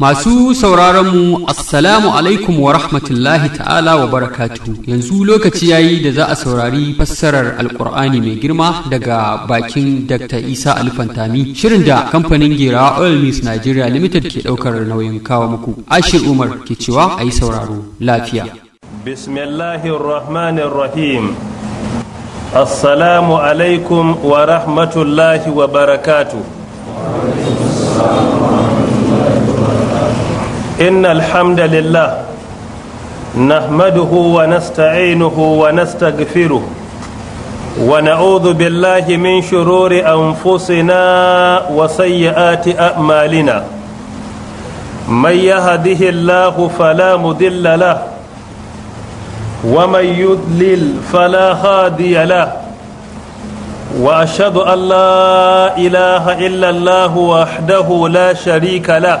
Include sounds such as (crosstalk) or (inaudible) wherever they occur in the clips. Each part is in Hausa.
Masu sauraronmu, Assalamu alaikum wa rahmatullahi ta'ala wa barakatuhu. Yanzu lokaci yayi da za a saurari fassarar Alƙur'ani mai girma daga bakin Dr. Isa Alfantami, shirin da kamfanin Gera Oil Mills Nigeria Limited ke ɗaukar nauyin kawo muku. Ashir Umar ke cewa a sauraro lafiya. rahim Assalamu alaikum wa rahmatullahi wa barakatuhu. إن الحمد لله نحمده ونستعينه ونستغفره ونعوذ بالله من شرور أنفسنا وسيئات أعمالنا من يهده الله فلا مضل له ومن يضلل فلا هادي له وأشهد أن لا إله إلا الله وحده لا شريك له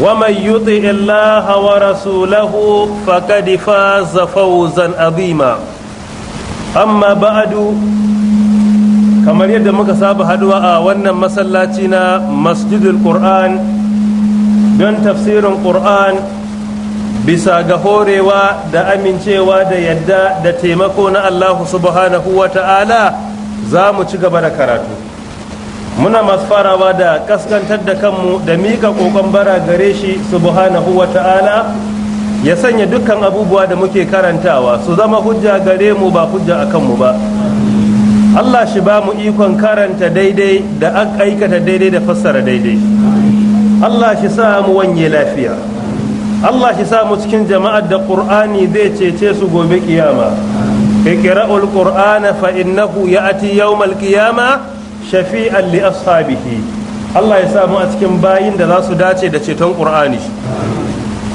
ومن يطع الله ورسوله فقد فاز فوزا عظيما أما بعد kamar yadda muka saba haɗuwa a wannan masallaci na masjidul qur'an don tafsirin qur'an bisa ga horewa da amincewa da yadda da taimako na allahu subhanahu wa ta'ala za mu ci gaba da karatu muna masu farawa da kaskantar da kanmu da mika kokon bara gare shi subhanahu wa ta'ala ya sanya dukkan abubuwa da muke karantawa su zama hujja gare mu ba hujja a kanmu ba Allah shi ba mu ikon karanta daidai da aikata daidai da fassara daidai Allah shi sa mu wanye lafiya Allah shi sa mu cikin jama'ar da Qur'ani zai cece su gobe kiyama iqra'ul qur'ana fa innahu ya'ti yawmal qiyamah shafi'an li ashabihi Allah ya samu a cikin bayin da za su dace da ceton Qur'ani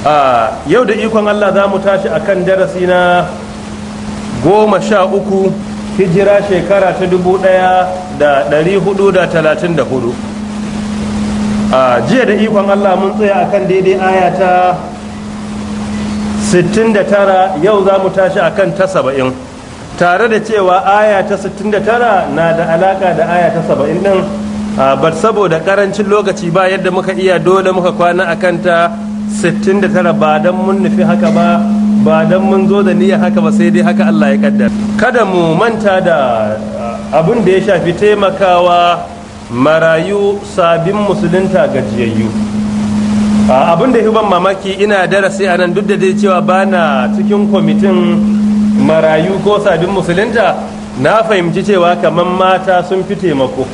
a yau da ikon Allah za mu tashi akan darasi na goma sha uku hijira shekara ta dubu ɗaya da ɗari hudu da talatin da hudu a jiya da ikon Allah mun tsaya akan daidai aya ta 69 yau za mu tashi akan ta saba'in tare da cewa aya ta 69 na da alaka da aya ta 70 din bar saboda karancin lokaci ba yadda muka iya dole muka kwana akan ta 69 ba don mun nufi haka ba ba don mun zo da niyyar haka ba sai dai haka Allah ya kaddar. kada mu manta da abin da ya shafi taimakawa marayu sabin musulunta gajiyayyu abin da ban mamaki ina darasi a nan duk da dai cewa bana cikin kwamitin marayu ko sabin musulunta na fahimci cewa kamar mata sun fi taimako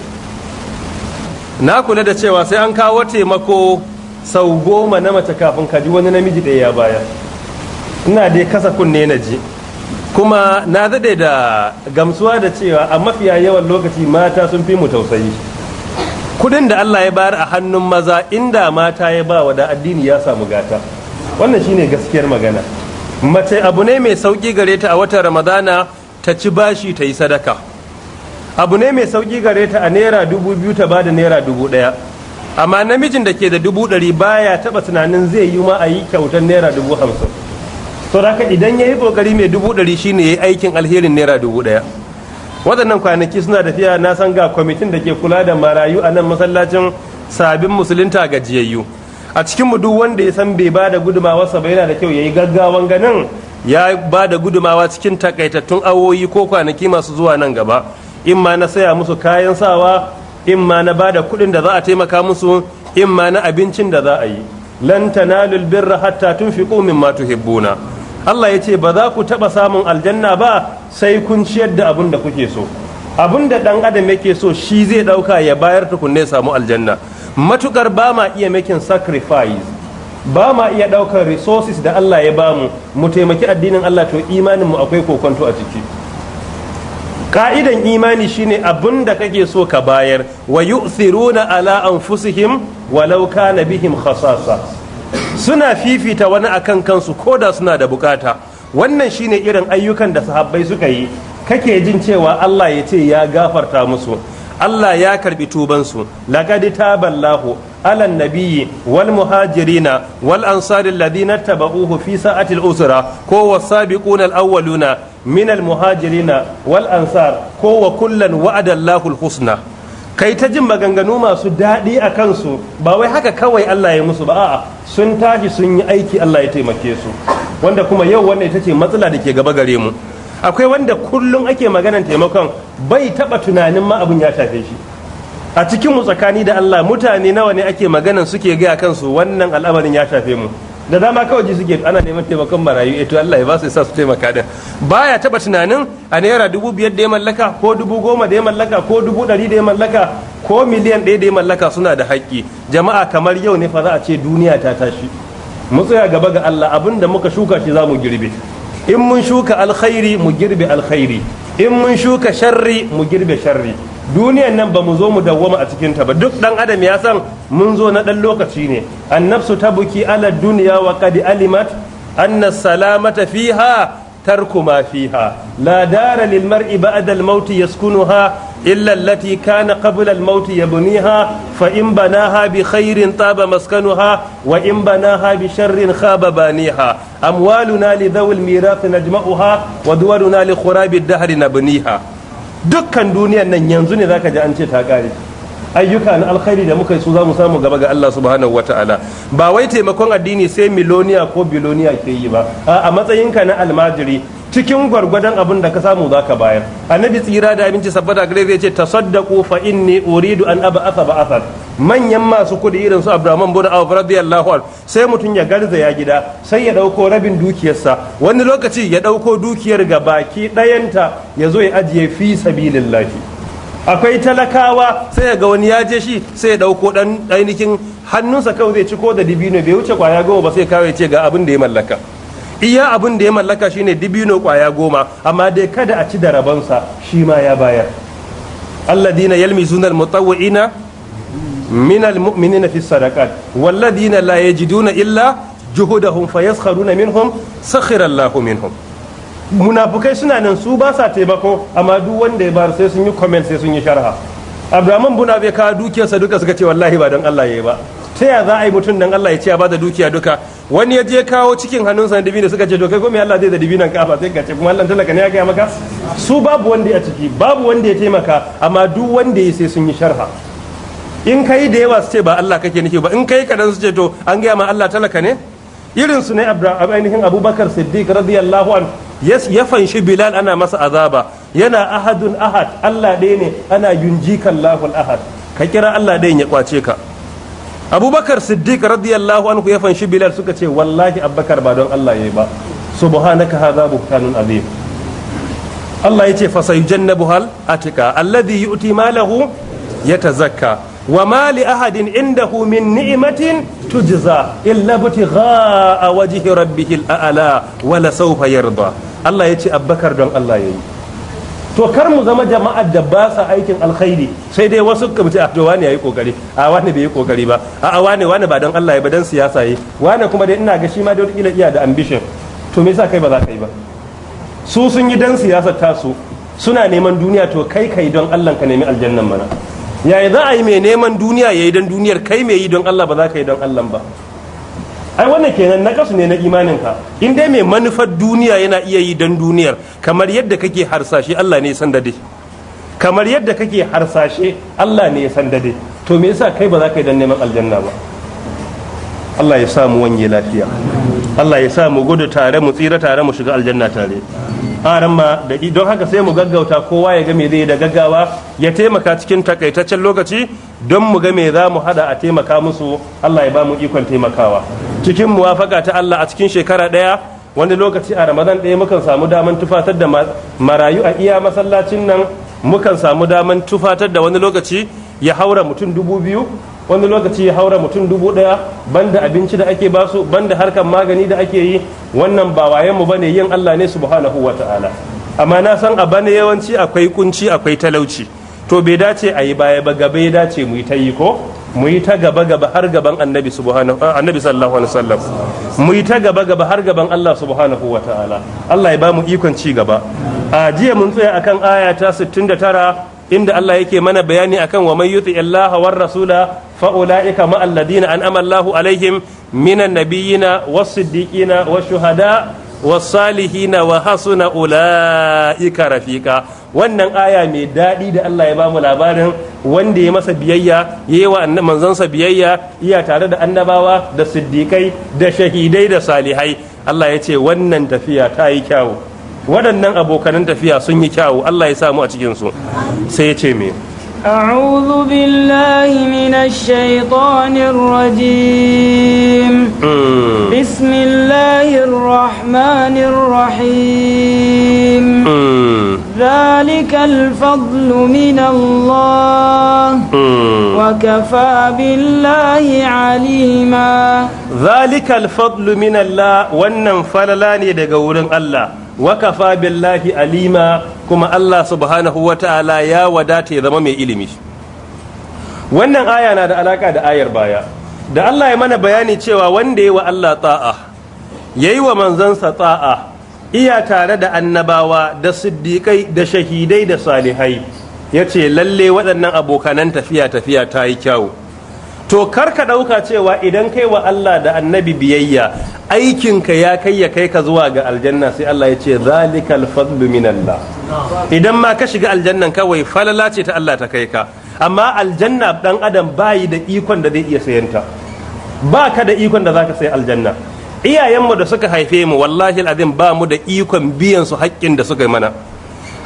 na kula da cewa sai an kawo taimako sau goma na mace kafin ka ji wani namiji da ya baya ina dai kasa kunne na ji kuma na daɗe da gamsuwa da cewa a mafiya yawan lokaci mata sun fi mu tausayi kudin da Allah ya bayar a hannun maza inda mata ya ba wa da addini ya samu gata wannan shine gaskiyar magana mace abu ne mai sauƙi gare ta a watan ramadana ta ci bashi ta yi sadaka abu ne mai sauƙi gare ta a naira dubu biyu ta ba da naira dubu ɗaya amma namijin da ke da dubu ɗari baya taɓa tunanin zai yi ma a yi kyautar naira dubu hamsin to haka idan ya yi ƙoƙari mai dubu ɗari ne ya yi aikin alherin naira dubu ɗaya waɗannan kwanaki suna tafiya na san ga kwamitin da ke kula da marayu a nan masallacin sabbin musulunta gajiyayyu a cikin mu duk wanda ya san bai ba da gudumawa ba yana da kyau yayi gaggawan ganin ya ba da gudumawa cikin takaitattun awoyi ko kwanaki masu zuwa nan gaba in ma na saya musu kayan sawa in ma na ba da kuɗin da za a taimaka musu in ma na abincin da za a yi lan tanalul birra hatta tunfiqu mimma tuhibbuna Allah ya ce ba za ku taɓa samun aljanna ba sai kun ciyar da abin da kuke so abin da ɗan adam yake so shi zai ɗauka ya bayar tukunne ya samu aljanna matukar ba ma iya makin sacrifice ba ma iya ɗaukar resources da Allah ya bamu mu taimaki addinin Allah to imaninmu akwai kokonto a ciki ka'idan imani shine abin da kake so ka bayar wa yu'thiruna ala anfusihim walau na bihim khasasa suna fifita wani akan kansu ko da suna da bukata wannan shine irin ayyukan da sahabbai suka yi kake jin cewa Allah ya ce ya gafarta musu Allah ya karbi tubansu ta ballahu ala nabiyyi wal muhajirina wal ansari alladhina tabauhu fi sa'atil usra ko wasabiquna al awwaluna min al muhajirina wal ansar ko wa kullan wa'ada Allahu al husna kai ta jin maganganu masu daɗi a kansu ba wai haka kawai Allah ya musu ba a'a sun tashi sun yi aiki Allah ya taimake su wanda kuma yau wannan ita ce matsala da ke gaba gare mu akwai wanda kullum ake maganan taimakon bai taba tunanin ma abun ya shafe shi a cikin mu tsakani da Allah mutane nawa ne ake maganan suke gaya kansu wannan al'amarin ya shafe mu da dama kawai ji suke ana neman taimakon marayu eto eh Allah ya ba su sa su taimaka din baya taba tunanin a naira dubu biyar da ya mallaka ko dubu goma da ya mallaka ko dubu ɗari da ya mallaka ko miliyan ɗaya da ya mallaka suna da haƙƙi jama'a kamar yau ne fa za a ce duniya ta tashi mu tsaya gaba ga Allah abin da muka shuka shi za mu girbe in mun shuka alkhairi mu girbe alkhairi in mun shuka sharri mu girbe sharri duniyan nan ba mu zo mu dawwama a cikin ta ba duk dan adam ya san mun zo na dan lokaci ne annafsu tabuki ala dunya wa qad alimat anna salamata fiha tarku ma fiha la dara lil mar'i ba'da al-maut yaskunuha illa allati kana qabla al-maut yabniha fa in banaha bi khairin taba maskanuha wa in banaha bi sharrin khaba baniha amwaluna li dhawil mirath najma'uha wa duwaruna li khurabi ad na nabniha dukkan duniyar nan yanzu ne zaka je an ce ta kare ayyuka na alkhairi da muka yi su za mu samu gaba ga Allah subhanahu wataala ba wai taimakon addini sai miloniya ko biloniya ke yi ba a matsayinka na almajiri cikin gwargwadon abin da ka samu za ka bayar annabi tsira da abinci sabbata gare zai ce tasaddaqu fa inni uridu an aba asa ba asa manyan masu kudi irin su Abdurrahman bin Auf radiyallahu anhu sai mutum ya garza ya gida sai ya dauko rabin dukiyarsa wani lokaci ya dauko dukiyar ga baki dayanta ya zo ya ajiye fi sabilillahi akwai talakawa sai ga wani ya je shi sai ya dauko dan ainihin hannunsa kawai zai ciko da dibino bai wuce kwaya goma ba sai kawai ce ga abin da ya mallaka iya abin da ya mallaka shine dibino kwaya goma amma dai kada a ci da rabansa shi ma ya bayar alladina yalmizuna almutawwi'ina min almu'minina fi sadaqat walladina la yajiduna illa juhudahum fayaskharuna minhum sakhira Allahu minhum munafukai suna nan su ba sa taimako amma duk wanda ya bar sai sun yi comment sai sun yi sharha abdurrahman buna bai kawo dukiyarsa duka suka ce wallahi ba don allah ya yi ba ta ya za a yi mutum dan allah ya ce ba da dukiya duka wani ya je kawo cikin hannunsa na dibino suka ce to kai me allah zai da dibinan kafa sai ka ce kuma allah talaka ne ya gaya maka su babu wanda ya ciki babu wanda ya taimaka amma duk wanda ya sai sun yi sharha in kai da yawa su ce ba allah kake nake ba in kai kadan su ce to an gaya ma allah talaka ne irin su ne ainihin abubakar siddiq radiyallahu anhu ya fanshi bilal ana masa azaba yana ahadun ahad allah ɗaya ne ana yunjikan lahul ahad ka kira allah ɗayan ya kwace ka abubakar siddiq radiyallahu anhu ya fanshi bilal suka ce wallahi abubakar ba don allah ya yi ba subhanaka hadha buhtanun azim Allah ya ce fasayujannabu hal atika alladhi yu'ti malahu yatazakka wa ma li ahadin indahu min ni'matin tujza illa butigha wajhi rabbihil a'la wala la sawfa yarda Allah ya ce abbakar don Allah ya yi to kar mu zama jama'ar da ba sa aikin alkhairi sai dai wasu kuma ce a ah, to wani yayi kokari a ah, wani bai yi kokari ba a ah, wani wani ba don Allah ya ba dan siyasa yi wani kuma dai ina ga shi ma da wata iya da ambition to me yasa kai ba za ka yi ba su sun yi dan ta tasu suna neman duniya to kai kai don Allah ka nemi aljannan mana yaya za a yi mai neman duniya yayi dan duniyar kai mai yi don Allah ba za ka yi don Allah ba ai wannan kenan na kasu ne na imaninka in dai mai manufar duniya yana iya yi don duniyar kamar yadda kake harsashe Allah ne san dade kamar yadda kake harsashe Allah ne san dade to me yasa kai ba za ka yi don neman aljanna ba Allah ya samu wanye lafiya Allah ya samu gudu tare mu tsira tare mu shiga aljanna tare ma da don haka sai mu gaggauta kowa ya ga me zai da gaggawa ya taimaka cikin takaitaccen lokaci don mu ga me za mu hada a taimaka musu Allah ya ba mu ikon taimakawa cikin muwafaka ta Allah a cikin shekara daya wani lokaci a Ramadan ɗaya mukan samu daman tufatar da marayu a iya masallacin nan mukan samu daman tufatar da wani lokaci ya haura mutum dubu biyu wani lokaci ya haura mutum dubu ɗaya banda abinci da ake basu banda harkar magani da ake yi wannan ba wayen mu bane yin Allah ne subhanahu wa ta'ala amma na san a bane yawanci akwai kunci akwai talauci to bai dace a yi baya ba gaba ya dace mu yi ta yi ko mu yi ta gaba gaba har gaban annabi subhanahu annabi sallallahu alaihi wasallam mu yi ta gaba gaba har gaban Allah subhanahu wa ta'ala Allah ya ba mu ikon ci gaba a jiya mun tsaya akan aya ta 69 inda Allah yake mana bayani akan wa man yuti Allah war rasula fa'ula'ika ma'alladina an amallahu alaihim minan nabiyina was-siddiqina wash-shuhada was-salihina wa hasuna ula'ika rafiqa wannan aya mai daɗi da Allah ya bamu labarin wanda ya masa biyayya ya yi wa manzansa biyayya iya tare da annabawa da siddiƙai da shahidai da salihai Allah ya ce wannan tafiya ta yi kyawu waɗannan abokanan tafiya sun yi kyawu Allah ya samu a cikinsu sai ya ce me أعوذ بالله من الشيطان الرجيم بسم الله الرحمن الرحيم ذلك الفضل من الله وكفى بالله عليما ذلك الفضل من الله وننفللاني دقورن الله wakafa billahi alima kuma Allah subhanahu wa ta'ala ya wadata ya zama mai ilimi wannan aya na da alaka da ayar baya da Allah ya mana bayani cewa wanda ya wa Allah ta'a yi wa manzansa ta'a iya tare da annabawa da siddiƙai da shahidai da salihai ya ce lalle waɗannan abokanan tafiya tafiya ta yi kyawu to kar ka ɗauka cewa idan kai wa Allah da annabi biyayya aikinka ya kai ya kai ka zuwa ga aljanna sai Allah ya ce zalikal fadlu min Allah idan ma ka shiga aljannan kawai falala ce ta Allah ta kai ka amma aljanna dan adam bayi da ikon da zai iya sayanta ba ka da ikon da zaka sayi aljanna iyayenmu da suka haife mu wallahi alazim ba mu da ikon biyan su haƙƙin da suka yi mana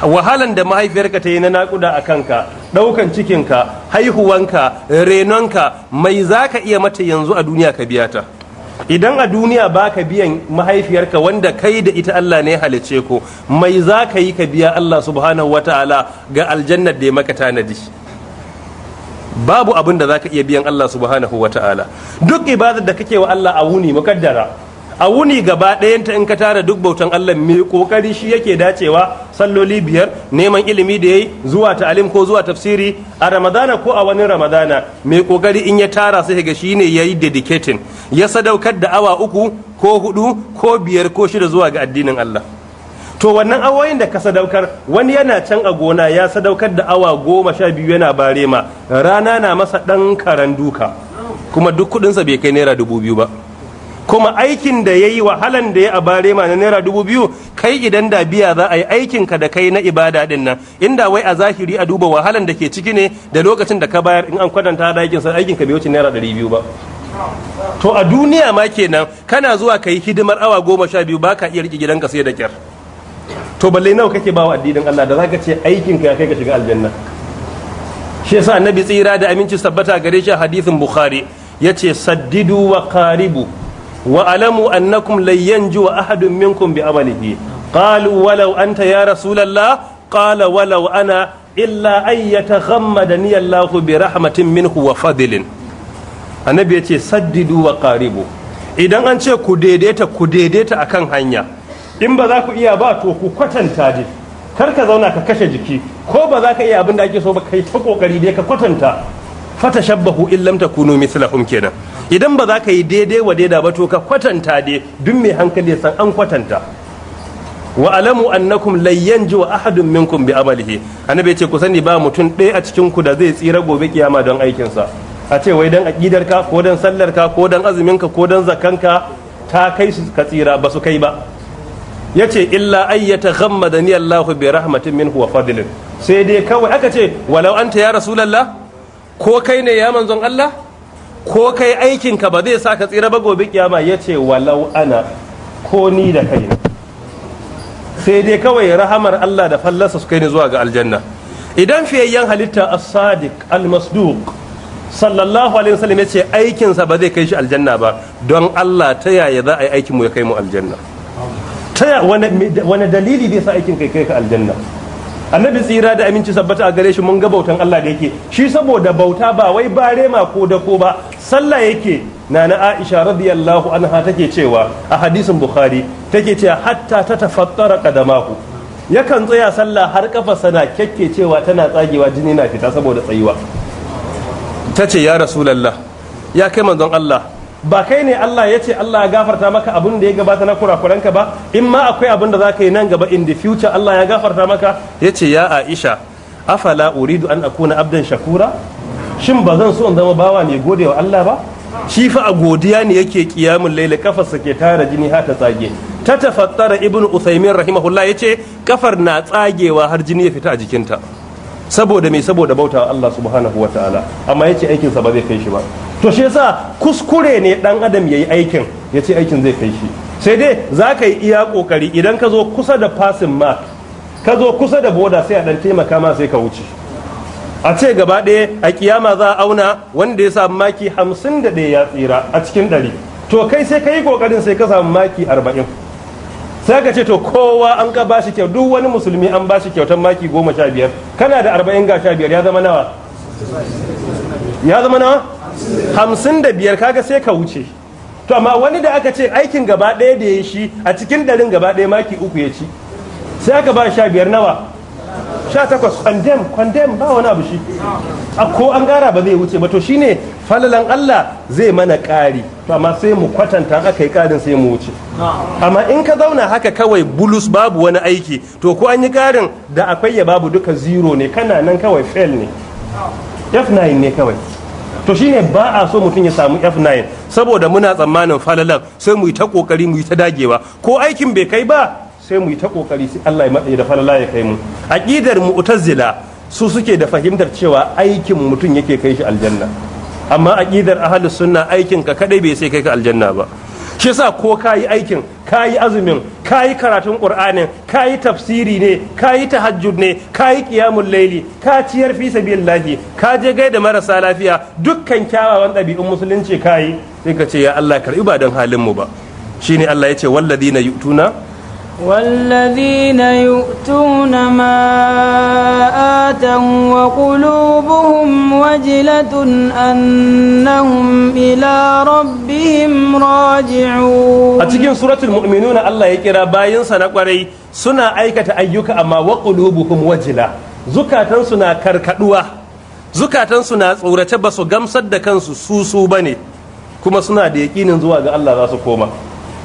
wahalan da mahaifiyarka ta yi na nakuda a kanka ɗaukan cikinka haihuwanka renonka mai za ka iya mata yanzu a duniya ka biya ta idan a duniya ba ka biyan mahaifiyarka wanda kai da ita Allah ne halice ko mai za ka yi ka biya Allah subhanahu ta'ala ga aljannar da ya maka tanadi babu abin da za ka iya biyan Allah subhanahu ta'ala duk ibadar da kake wa Allah a wuni mukaddara a wuni gaba ɗayanta in ka tara duk bautan Allah mai kokari shi yake dacewa salloli biyar neman ilimi da yayi zuwa ta'alim ko zuwa tafsiri a ramadana ko a wani ramadana mai kokari in ya tara sai ga shine yayi dedicating ya sadaukar da awa uku ko hudu ko biyar ko shida zuwa ga addinin Allah to wannan awoyin da ka sadaukar wani yana can a gona ya sadaukar da awa goma sha biyu yana barema rana na masa ɗan karan duka kuma duk kuɗinsa bai kai naira dubu biyu ba kuma aikin da ya yi wahalan da ya a barema ma na naira dubu biyu kai idan da biya za a yi aikin ka da kai na ibada din nan inda wai a zahiri a duba wahalan da ke ciki ne da lokacin da ka bayar in an kwatanta da aikin sa aikin ka bai wuce naira dari biyu ba to a duniya ma kenan kana zuwa ka yi hidimar awa goma sha biyu ba ka iya riƙe gidanka sai da kyar to balle nawa kake bawa addinin Allah da zaka ce aikin ka kai ka shiga aljanna shi yasa annabi tsira da aminci sabbata gare shi hadisin bukhari ce saddidu wa qaribu wa alamu annakum lan yanju ahadun minkum bi amalihi qalu walau anta ya rasulallah qala walau ana illa an yatakhammadani lafu bi rahmatin minhu wa fadilin. annabi yace saddidu wa qaribu idan an ce ku daidaita ku daidaita akan hanya in ba za ku iya ba to ku kwatanta ji kar ka zauna ka kashe jiki ko ba za ka iya abin da ake so ba kai ta kokari dai ka kwatanta fatashabbahu in lam takunu mithlahum kenan idan ba za ka yi daidai wa daida ba to ka kwatanta dai duk mai hankali san an kwatanta wa alamu annakum layyan ji wa ahadun minkum bi amalihi annabi ce ku sani ba mutum ɗaya a cikin ku da zai tsira gobe kiyama don aikinsa a ce wai dan aqidar ka ko dan sallar ka ko dan azumin ka ko dan zakan ka ta kai su ka tsira ba su kai ba yace illa ayyata ghammadani Allahu bi rahmatin minhu wa fadlin sai dai kawai aka ce walau anta ya rasulullah ko kai ne ya manzon Allah ko kai aikinka ba zai sa ka tsira ba gobe kiyama ya ce walau ana ko ni da kai sai dai kawai rahamar Allah da fallasa su kai ni zuwa ga aljanna idan fiyayyen halitta as-sadiq al-masduq sallallahu alaihi wasallam yace aikin sa ba zai kai shi aljanna ba don Allah ta yaya za a yi aikin mu ya kai mu aljanna ta wani dalili zai sa aikin kai kai ka aljanna annabi tsira da aminci sabbata a gare shi mun ga bautan Allah da yake shi saboda bauta ba wai barema ko da ko ba sallah yake na Aisha radiyallahu anha take cewa a hadisin Bukhari take cewa hatta ta tafattara qadamahu yakan tsaya sallah har kafa sana kekke cewa tana tsagewa jini na fita saboda tsayuwa tace ya rasulullah ya kai manzon Allah ba kai ne Allah ya ce Allah ya gafarta maka abin da ya gabata na kurakuranka ba in ma akwai abin da za ka yi nan gaba in the future Allah ya gafarta maka ya ce ya Aisha afala uridu an akuna abdan shakura shin ba zan so in zama bawa mai gode wa Allah ba shi fa a godiya ne yake kiyamun laila kafarsa ke tara jini har ta tsage ta tafattara ibnu usaimin rahimahullah yace kafar na tsagewa har jini ya fita a jikinta saboda mai saboda bautawa Allah subhanahu wataala amma yace aikin sa ba zai kai shi ba to shi yasa kuskure ne dan adam yayi aikin ya ce aikin zai kai shi sai dai za ka yi iya kokari idan ka zo kusa da passing mark ka zo kusa da boda sai a dan taimaka ma sai ka wuce a ce gaba ɗaya a kiyama za a auna wanda ya samu maki hamsin da ɗaya ya tsira a cikin ɗari to kai sai ka yi kokarin sai ka samu maki arba'in sai ka ce to kowa an ka bashi kyau duk wani musulmi an bashi kyautar maki goma sha biyar kana da arba'in ga sha biyar ya zama nawa ya zama nawa hamsin da biyar kaga sai ka wuce to amma wani da aka ce aikin gaba ɗaya da ya shi a cikin ɗarin gaba ɗaya maki uku ya ci sai aka ba sha biyar nawa sha takwas ba ko an gara ba zai wuce ba to shine falalan Allah zai mana ƙari to amma sai mu kwatanta aka yi ƙarin sai mu wuce amma in ka zauna haka kawai bulus babu wani aiki to ko an yi ƙarin da akwai ya babu duka zero ne kana nan kawai fail ne f9 ne kawai to shine ba a so mutum ya samu f9 saboda muna tsammanin falalan sai mu yi ta ƙoƙari mu yi ta dagewa ko aikin bai kai ba sai mu yi ta kokari sai Allah ya matsayi da falala ya kai mu aqidar mu'tazila su suke da fahimtar cewa aikin mutum yake kai shi aljanna amma aqidar ahlus sunna aikin ka kadai bai sai kai ka aljanna ba shi yasa ko kayi aikin kayi azumin kayi karatun qur'anin kayi tafsiri ne kayi tahajjud ne kayi qiyamul layli ka ciyar fi sabilillahi ka je gaida marasa lafiya dukkan kyawawan ɗabi'un musulunci kayi sai ka ce ya Allah karbi ba don halin mu ba shine Allah ya ce walladina yu'tuna والذين يؤتون ما آتوا وقلوبهم وجلة أنهم إلى ربهم راجعون أتجين سورة المؤمنون الله يكرا باين سنقري سنا أيكة أيك أما وقلوبهم وجلة زكاة سنا كركدوة زكاة سنا سورة بس غمسد كنسو سوسو بني كما سنا ديكين زواج الله راسو كوما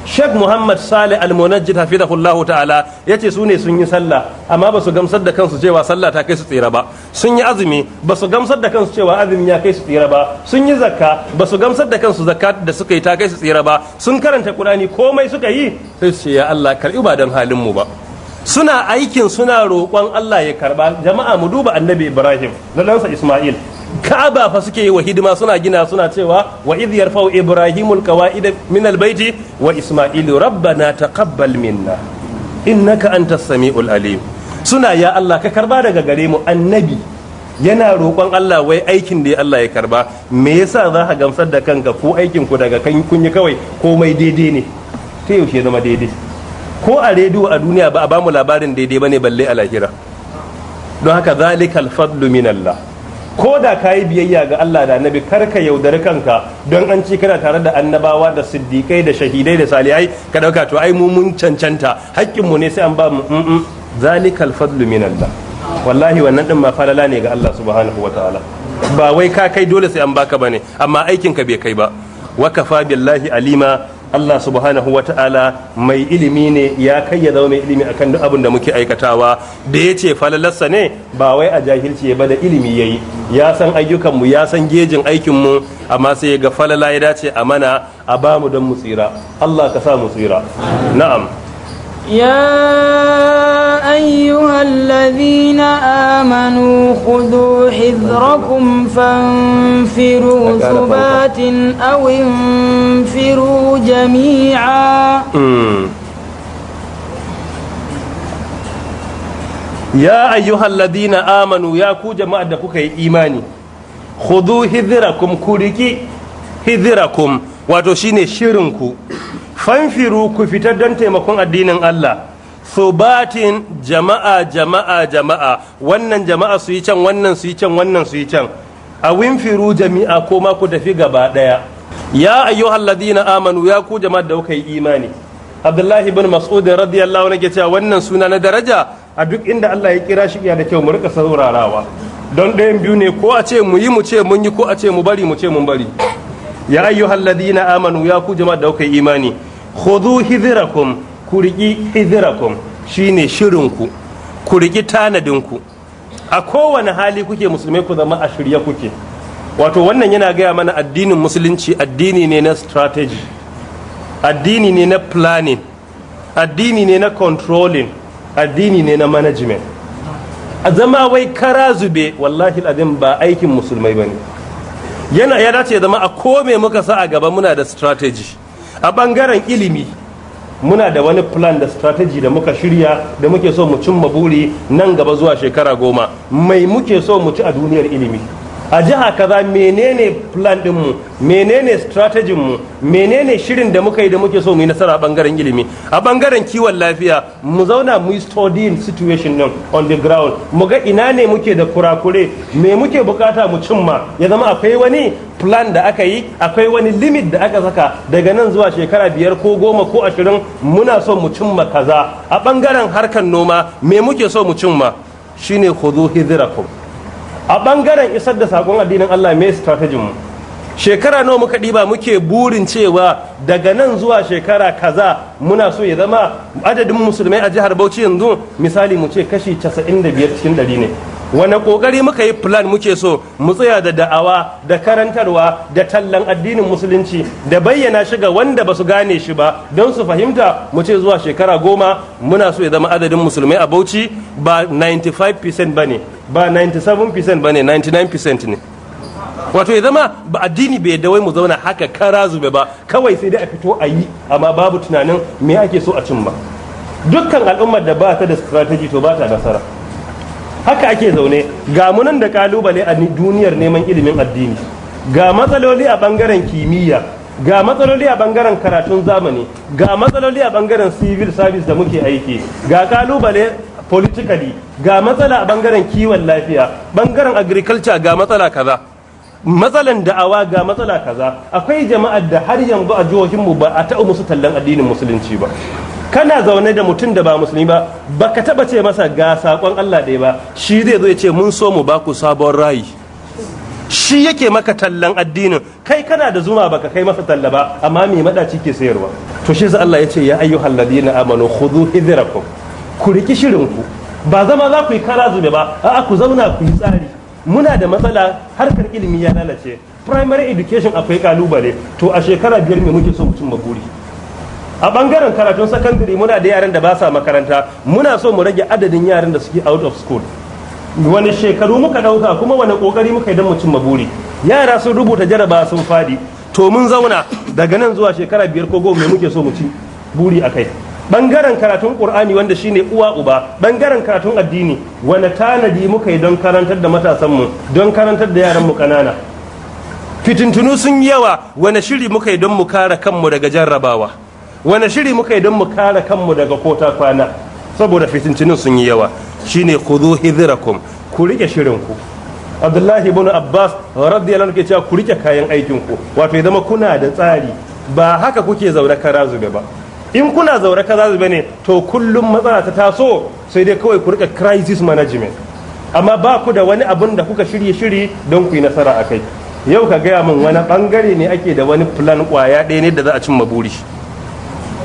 Sheikh Muhammad Saleh Al-Munajjid hafizahullahu ta'ala yace su ne sun yi sallah amma ba su gamsar da kansu cewa sallah ta kai su tsira ba sun yi azumi ba su gamsar da kansu cewa azumi ya kai su tsira ba sun yi zakka ba su gamsar da kansu zakka da suka yi ta kai su tsira ba sun karanta Qur'ani komai suka yi sai su ce ya Allah karbi ba dan halin mu ba suna aikin suna roƙon Allah ya karba jama'a mu duba annabi Ibrahim da ɗansa Ismail ka'aba fa suke yi wa hidima suna gina suna cewa wa idh yarfa'u ibrahimul qawa'id min albayti wa isma'ilu rabbana taqabbal minna innaka antas samiul alim suna ya Allah ka karba daga gare mu annabi yana roƙon Allah wai aikin da Allah ya karba me yasa za ka gamsar da kanka ko aikin ku daga kan kunyi kawai komai daidai ne ta yaushe zama daidai ko a rediyo a duniya ba a bamu labarin daidai bane balle a lahira don haka zalikal fadlu min Allah ko da ka yi biyayya ga Allah da annabi kar ka yaudari kanka don an ci kana tare da annabawa da siddiƙai da shahidai da salihai ka ɗauka to ai mu mun cancanta mu ne sai an ba mu zalikal fadlu min Allah wallahi wannan din ma falala ne ga Allah subhanahu wataala ba wai ka kai dole sai an baka bane amma aikin ka bai kai ba wa kafa billahi alima Allah subhanahu wa ta'ala mai ilimi ne ya kai ya zama mai ilimi akan duk abin da muke aikatawa da ya ce falalarsa ne ba wai a jahilci ba da ilimi ya yi ya san ayyukanmu ya san gejin aikinmu amma sai ya ga falala ya dace a mana a bamu don mu tsira Allah ka sa mu tsira na'am ya أيها الذين آمنوا خذوا حذركم فانفروا ثبات أو انفروا جميعا ya ayyuhal ladina amanu ya ku jama'a da kuka yi imani khudhu hidhirakum ku riki wato shine shirin ku fanfiru ku fita don taimakon addinin Allah Subatin jama'a jama'a jama'a wannan jama'a su yi can wannan su yi can wannan su yi can a winfiru jami'a ko ma ku tafi gaba daya ya ayyo halladina amanu ya ku jama'a da kuka yi imani abdullahi ibn mas'ud radiyallahu anhu cewa wannan suna na daraja a duk inda Allah ya kira shi da kyau mu rika saurarawa don ɗayan biyu ne ko a ce mu yi mu ce mun yi ko a ce mu bari mu ce mun bari ya ayyo halladina amanu ya ku jama'a da kuka yi imani khudhu hidirakum ku riƙi shi shine shirinku ku riƙi tanadinku a kowane hali kuke musulmai ku zama a shirya kuke wato wannan yana gaya mana addinin musulunci addini ne na strategy addini ne na planning addini ne na controlling addini ne na management a zama wai kara zube wallahi ladin ba aikin musulmai ba ne yana ya dace zama a kome muka sa a gaba muna da strategy a bangaren ilimi muna da wani plan da strategy da muka shirya da muke so mu cimma buri nan gaba zuwa shekara goma mai muke so mu ci a duniyar ilimi a jiha kaza menene plan dinmu menene strategy mu menene shirin da muka yi da muke so mu yi nasara a bangaren ilimi a bangaren kiwon lafiya mu zauna mu yi studying situation din on the ground mu ga ina ne muke da kurakure me muke bukata mu cimma ya zama akwai wani plan da aka yi akwai wani limit da aka saka daga nan zuwa shekara biyar ko goma ko ashirin muna so mu cimma kaza a bangaren harkar noma me muke so mu cimma shine khudhu hidrakum a ɓangaren isar da sakon addinin Allah mai strategy mu shekara nawa muka ɗiba muke burin cewa daga nan zuwa shekara kaza muna so ya zama adadin musulmai a jihar Bauchi yanzu misali mu ce kashi 95 cikin 100 ne wani kokari muka yi plan muke so mu tsaya da da'awa da karantarwa da tallan addinin musulunci da bayyana shi ga wanda ba su gane shi ba don su fahimta mu ce zuwa shekara goma muna so ya zama adadin musulmai a bauchi ba 95% ba ne ba 97% ba ne 99% ne wato ya zama ba addini bai yadda wai mu zauna haka kara zube ba kawai sai dai a fito a yi amma babu tunanin me ake so a ba dukkan al'ummar da ba ta da strategy to ba ta nasara haka ake zaune ga munan da kalubale a duniyar neman ilimin addini ga matsaloli a bangaren kimiyya ga matsaloli a bangaren karatun zamani ga matsaloli a bangaren civil service da muke aiki ga kalubale politically ga matsala a bangaren kiwon lafiya bangaren agriculture ga matsala kaza matsalan da'awa ga matsala kaza akwai jama'ar da har yanzu a jihohinmu ba a ta'u musu tallan addinin musulunci ba kana zaune da mutum da ba musulmi ba baka taba ce masa ga sakon Allah ɗaya ba shi zai zo ya ce mun so mu ba ku sabon rayi shi yake maka tallan addinin kai kana da zuma baka kai masa talla ba amma mai madaci ke sayarwa to shi Allah ya ce ya ayyuhal ladina amanu khudhu hidrakum ku riki shirin ku ba zama za ku yi kara zube ba a'a ku zauna ku yi tsari muna da matsala harkar ilimi ya lalace primary education akwai kalubale to a shekara biyar me muke so mutum maguri a bangaren karatun sakandare muna da yaran da ba sa makaranta muna so mu rage adadin yaran da suke out of school wani shekaru muka dauka kuma wani kokari muka yi don mu cimma buri yara sun rubuta jaraba sun fadi to mun zauna daga nan zuwa shekara biyar ko goma muke so mu ci buri kai. bangaren karatun qur'ani wanda shine uwa uba bangaren karatun addini wani tanadi muka yi don karantar da matasan mu don karantar da yaran mu kanana fitintunu sun yawa wani shiri muka yi don mu kara kanmu daga jarrabawa wani shiri muka yi don mu kare kanmu daga kota kwana saboda fitintinin sun yi yawa shine zo hizirakum ku rike shirinku. abdullahi ibn abbas radiyallahu anhu ke cewa ku rike kayan aikin ku wato zama kuna da tsari ba haka kuke zaune kara zube ba in kuna zaure kaza zube ne to kullum matsala ta taso sai dai kawai ku rike crisis management amma ba ku da wani abin da kuka shirye shiri don ku yi nasara a kai yau ka gaya min wani bangare ne ake da wani plan kwaya ɗaya ne da za a cimma buri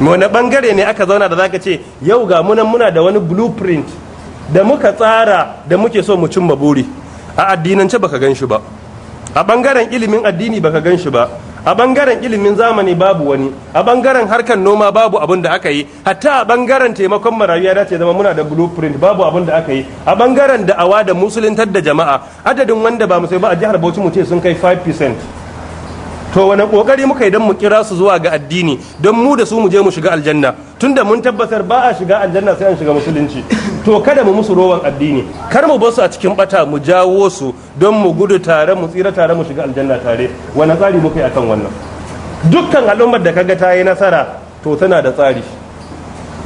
wani bangare ne aka zauna da zaka ce yau ga munan muna da wani blueprint da muka tsara da muke so mu cimma buri a addinance baka gan shi ba a bangaren ilimin addini baka gan shi ba a bangaren ilimin zamani babu wani a bangaren harkar noma babu abin da aka yi hatta a bangaren taimakon marayu ya dace zama muna da blueprint babu abin da aka yi a bangaren da'awa da musuluntar da jama'a adadin wanda ba mu musulmi ba a jihar Bauchi mu ce sun kai 5% to wani kokari muka idan don mu kira su zuwa ga addini don mu da su mu je mu shiga aljanna tunda mun tabbatar ba a shiga aljanna sai an shiga musulunci to kada mu musu rowan addini kar mu bar su a cikin bata mu jawo su don mu gudu tare mu tsira tare mu shiga aljanna tare wani tsari muka yi akan wannan dukkan al'ummar da kaga ta yi nasara to tana da tsari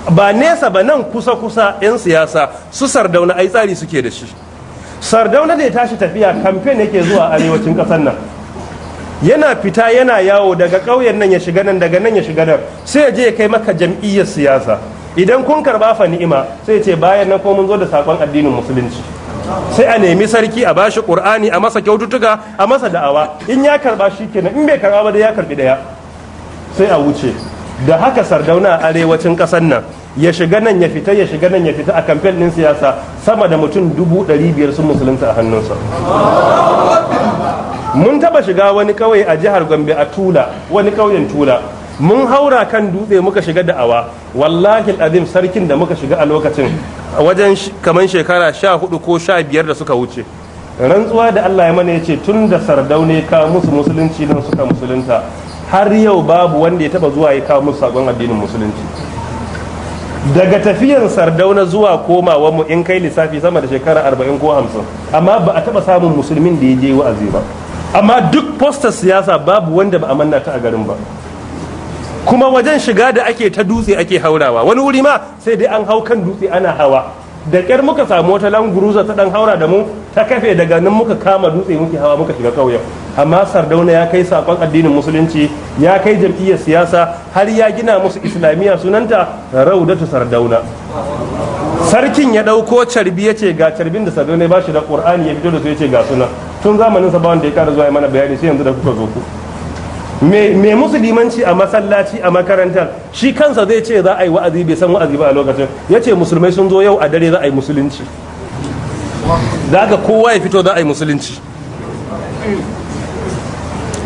ba nesa ba nan kusa kusa 'yan siyasa su sardauna ai tsari suke da shi sardauna da ya tashi tafiya kamfen yake zuwa arewacin ƙasar nan yana fita yana yawo daga ƙauyen nan ya shiga nan daga nan ya shiga nan sai ya je ya kai maka jam'iyyar siyasa idan kun karba fa ni'ima sai ce bayan nan ko mun zo da sakon addinin musulunci sai a nemi sarki a bashi qur'ani a masa kyaututtuka a masa da'awa in ya karba shi kenan in bai karba ba dai ya karbi daya sai a wuce da haka sardauna a arewacin kasar nan ya shiga nan ya fita ya shiga nan ya fita a kamfen din siyasa sama da mutum dubu ɗari biyar sun musulunta a hannunsa mun taba shiga wani kauye a jihar gombe a tula wani kauyen tula mun haura kan dutse muka shiga da awa wallahi azim sarkin da muka shiga a lokacin wajen kamar shekara sha hudu ko sha biyar da suka wuce rantsuwa da allah ya mana ya ce tun da sardaunai ka musu musulunci nan suka musulunta har yau babu wanda ya taba zuwa ya kawo musu sakon addinin musulunci daga tafiyan na zuwa komawa mu in kai lissafi sama da shekara arba'in ko hamsin amma ba a taba samun musulmin da ya je wa'azi ba amma duk postar siyasa babu wanda ba a manna ta a garin ba kuma wajen shiga da ake ta dutse ake haurawa wani wuri ma sai dai an hau kan dutse ana hawa da ƙyar muka samu wata languruza ta dan haura da mu ta kafe daga nan muka kama dutse muke hawa muka shiga ƙauyen amma sardauna ya kai sakon addinin musulunci ya kai jam'iyyar siyasa har ya gina musu islamiyya sunanta raudatu sardauna sarkin ya ɗauko carbi ya ce ga carbin da sardauna ya bashi da ƙur'ani ya fito da su ya ce ga sunan tun zamanin sa bawan da ya kara zuwa mana bayani sai yanzu da kuka zo ku me musulmanci a masallaci a makarantar shi kansa zai ce za a yi wa'azi bai san wa'azi ba a lokacin ya ce musulmai sun zo yau a dare za a yi musulunci za ga kowa ya fito za a yi musulunci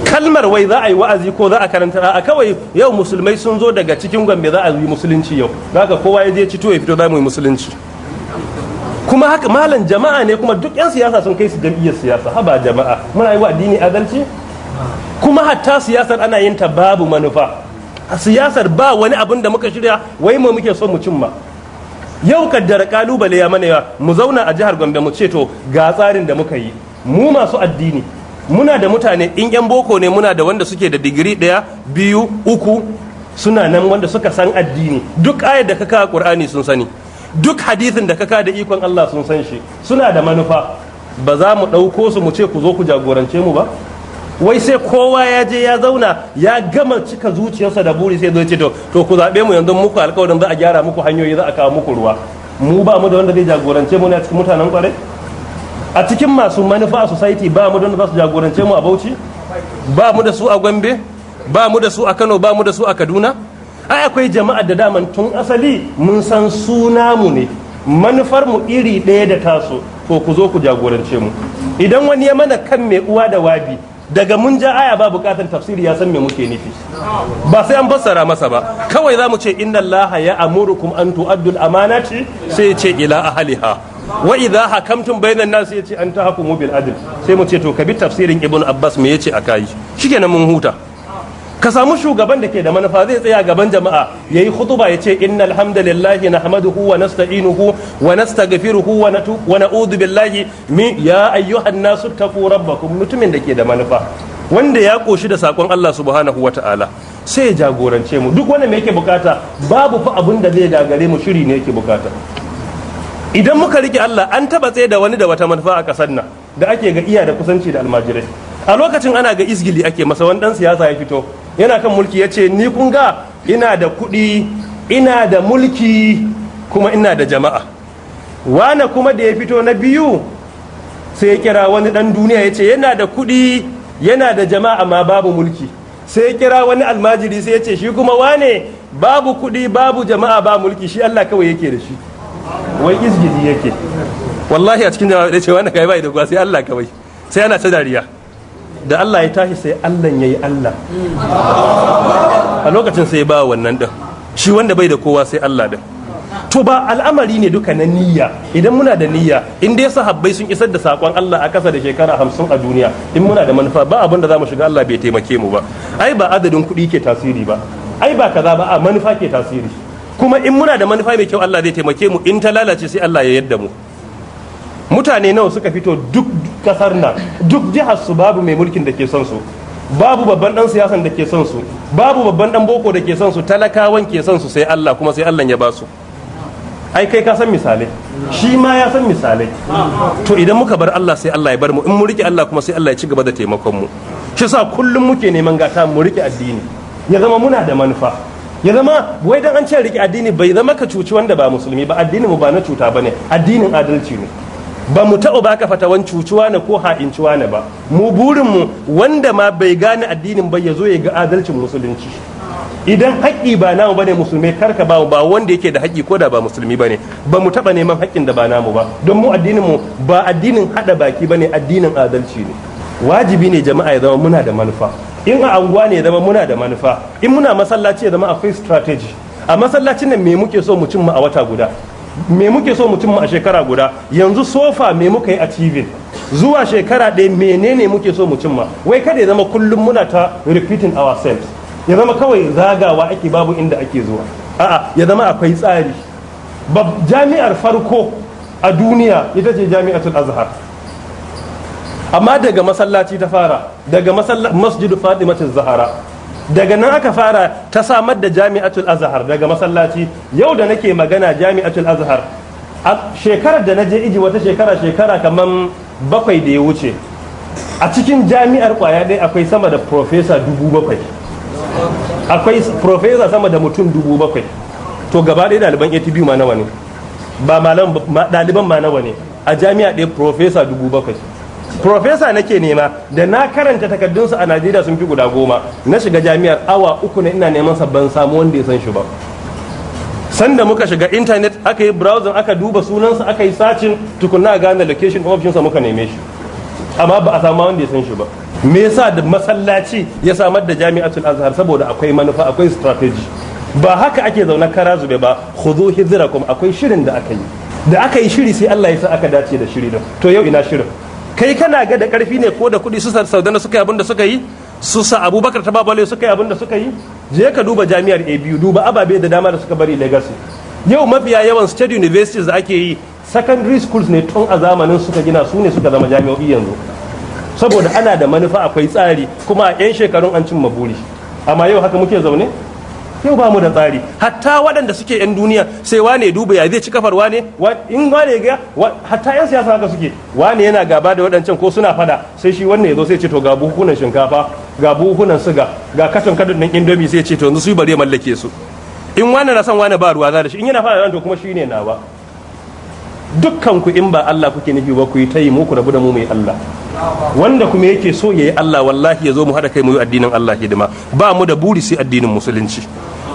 kalmar wai za a yi wa'azi ko za a karanta a kawai yau musulmai sun zo daga cikin gombe za a yi musulunci yau za ga kowa ya je to ya fito za mu yi musulunci kuma haka malam jama'a ne kuma duk 'yan siyasa sun kai su jam'iyyar siyasa haba jama'a muna yi wa addini adalci kuma hatta siyasar ana yin ta babu manufa a siyasar ba wani abin da muka shirya wai mu muke son mu cimma yau kaddara kalubale ya mana yawa mu zauna a jihar gombe mu ce to ga tsarin da muka yi mu masu addini muna da mutane in yan boko ne muna da wanda suke da digiri ɗaya biyu uku suna nan wanda suka san addini duk ayar da ka kawo ƙur'ani sun sani duk hadisin da ka ka da ikon Allah sun san shi suna da manufa ba za mu ɗauko su mu ce ku zo ku jagorance mu ba wai sai kowa ya je ya zauna ya gama cika zuciyarsa da buri sai zo ce to to ku zabe mu yanzu muku alƙawarin za a gyara muku hanyoyi za a kawo muku ruwa mu ba mu da wanda zai jagorance mu ne a cikin mutanen kware a cikin masu manufa a society ba mu da wanda za su jagorance mu a Bauchi ba mu da su a Gombe ba mu da su a Kano ba mu da su a Kaduna ai akwai jama'a da dama tun asali mun san suna mu ne manufar mu iri ɗaya da taso ko ku zo ku jagorance mu idan wani ya mana kan mai uwa da wabi daga mun ja aya ba bukatan tafsiri ya san me muke nufi ba sai an fassara masa ba kawai za mu ce inna allaha ya amurukum an tu'addul amanati sai ya ce ila ahliha wa idza hakamtum bainan ya ce an tahkumu bil adl sai mu ce to ka bi tafsirin ibn abbas me yace akai shikenan mun huta ka samu shugaban da ke da manufa zai tsaya gaban jama'a ya yi khutuba ya ce innal hamdalillahi nahmaduhu wa nasta'inuhu wa nastaghfiruhu wa na wa billahi min ya ayyuhan nasu taqu rabbakum mutumin da ke da manufa wanda ya koshi da sakon Allah subhanahu wa ta'ala sai ya jagorance mu duk wanda mai yake bukata babu fa abun da zai gagare mu shiri ne yake bukata idan muka rike Allah an taba tsaye da wani da wata manufa a kasar nan da ake ga iya da kusanci da almajirai a lokacin ana ga izgili ake masa wani dan siyasa ya fito yana kan mulki ya ce ni kun ga ina da kuɗi ina da mulki kuma ina da jama'a wane kuma da ya fito na biyu sai ya kira wani ɗan duniya ya ce yana da kuɗi yana da jama'a ma babu mulki sai ya kira wani almajiri sai ya ce shi kuma wane babu kuɗi babu jama'a ba mulki shi Allah kawai yake da shi wai izgidi yake wallahi a cikin jama'a da ce wani kai bai da gwa sai Allah kawai sai ana ta dariya da Allah ya tashi sai Allah ya yi Allah a lokacin sai ba wannan din shi wanda bai da kowa sai Allah din to ba al'amari ne duka na niyya idan muna da niyya in dai sahabbai sun isar da sakon Allah a kasa da shekara hamsin a duniya in muna da manufa ba abin da za mu shiga Allah bai taimake mu ba ai ba adadin kuɗi ke tasiri ba ai ba kaza ba a manufa ke tasiri kuma in muna da manufa mai kyau Allah zai taimake mu in ta lalace sai Allah ya yadda mu mutane nawa suka fito duk kasar nan duk jihar su babu mai mulkin da ke son su babu babban dan siyasan da ke son su babu babban dan boko da ke son su talakawan ke son su sai Allah kuma sai Allah ya ba su ai kai ka san misalai shi ma ya san misalai to idan muka bar Allah sai Allah ya bar mu in mu rike Allah kuma sai Allah ya ci gaba da taimakon mu shi sa kullum muke neman gata mu rike addini ya zama muna da manufa ya zama wai dan an ce rike addini bai zama ka cuci wanda ba musulmi ba addinin mu ba na cuta bane addinin adalci ne ba mu taɓa baka fatawan cucuwa na ko cuwa na ba mu burinmu wanda ma bai gane addinin ba ya zo ya ga adalcin musulunci idan haƙƙi ba namu bane musulmai karka ba ba wanda yake da haƙƙi ko da ba musulmi bane ba mu taɓa neman haƙƙin da ba namu ba don mu addinin mu ba addinin haɗa baki ne addinin adalci ne wajibi ne jama'a ya zama muna da manufa in a anguwa ne ya zama muna da manufa in muna masallaci ya zama akwai strategy a masallacin nan me muke so mu cimma a wata guda me muke so mu cimma a shekara guda yanzu sofa me muka yi a TV. zuwa shekara ɗaya menene muke so mu cimma wai kada ya zama kullum muna ta repeating ourselves ya zama kawai zagawa ake babu inda ake zuwa a'a ya zama akwai tsari jami'ar farko a duniya ita ce jami'atul azhar amma daga masallaci ta fara daga masjidu mata zahara daga nan aka fara ta samar da jami'atul azhar daga masallaci yau da nake magana jami'atul azhar a shekarar da na je iji wata shekara shekara kamar bakwai da ya wuce a cikin jami'ar kwaya ɗaya akwai sama da profesa dubu bakwai akwai profesa sama da mutum dubu bakwai to gaba ɗaya ɗaliban atb ma nawa ne ba ɗaliban ma nawa ne a jami'a ɗaya profesa dubu bakwai profesa nake nema da na karanta takardunsu a najeriya sun fi guda goma na shiga jami'ar awa uku na ina neman sabbin samu wanda ya san shi ba sanda muka shiga intanet aka yi browsing aka duba sunansa aka yi sacin tukunna a gane location sa muka neme shi amma ba a samu wanda ya san shi ba me yasa da masallaci ya samar da jami'atul azhar saboda akwai manufa akwai strategy ba haka ake zaune kara zube ba khudhu kuma akwai shirin da aka yi da aka yi shiri sai Allah ya sa aka dace da shiri din to yau ina shirin kai kana ga da karfi ne ko da kuɗi su saudana suka yi abinda suka yi su sa abubakar ta babale suka yi abinda suka yi je ka duba jami'ar abu duba ababe da dama da suka bari legacy yau mafiya yawan state universities da ake yi secondary schools ne tun a zamanin suka gina su ne suka zama jami'o'i yanzu saboda ana da manufa akwai tsari kuma a 'yan shekarun an cimma buri amma yau haka muke zaune yau ba mu da tsari hatta waɗanda suke yan duniya sai wane duba ya zai ci kafar wane in wane ga hatta yan siyasa haka suke wane yana gaba da waɗancan ko suna fada sai shi wannan ya zo sai ce to ga buhunan shinkafa ga buhunan siga ga katon kadon nan indomi sai ce to yanzu su bari mallake su in wane na son wane ba ruwa za da shi in yana fada to kuma shine nawa Dukkanku in ba Allah kuke nufi ba ku yi ta yi mu ku rabu da mu mai Allah wanda kuma yake so ya yi Allah wallahi ya zo mu hada kai mu yi addinin Allah hidima ba mu da buri sai addinin musulunci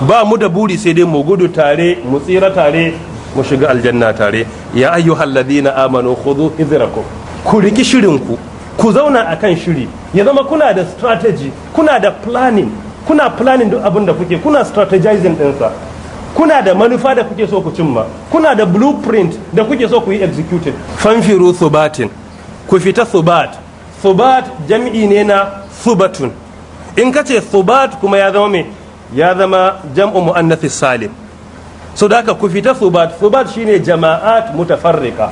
ba mu da buri sai dai mu gudu tare mu tsira tare mu shiga aljanna tare ya ayyuhal ladina amanu khudhu hidrakum ku riki shirin ku ku zauna akan shiri ya zama kuna da strategy kuna da planning kuna planning duk abin da kuke kuna strategizing ɗinsa kuna da manufa da kuke so ku cimma kuna da blueprint da kuke so ku yi executed fanfiru subatin ku fita subat subat jam'i ne na subatun in ka ce subat kuma ya zama mai ya zama jam'u muannath salim so da ka ku fita subat subat shine jama'at mutafarrika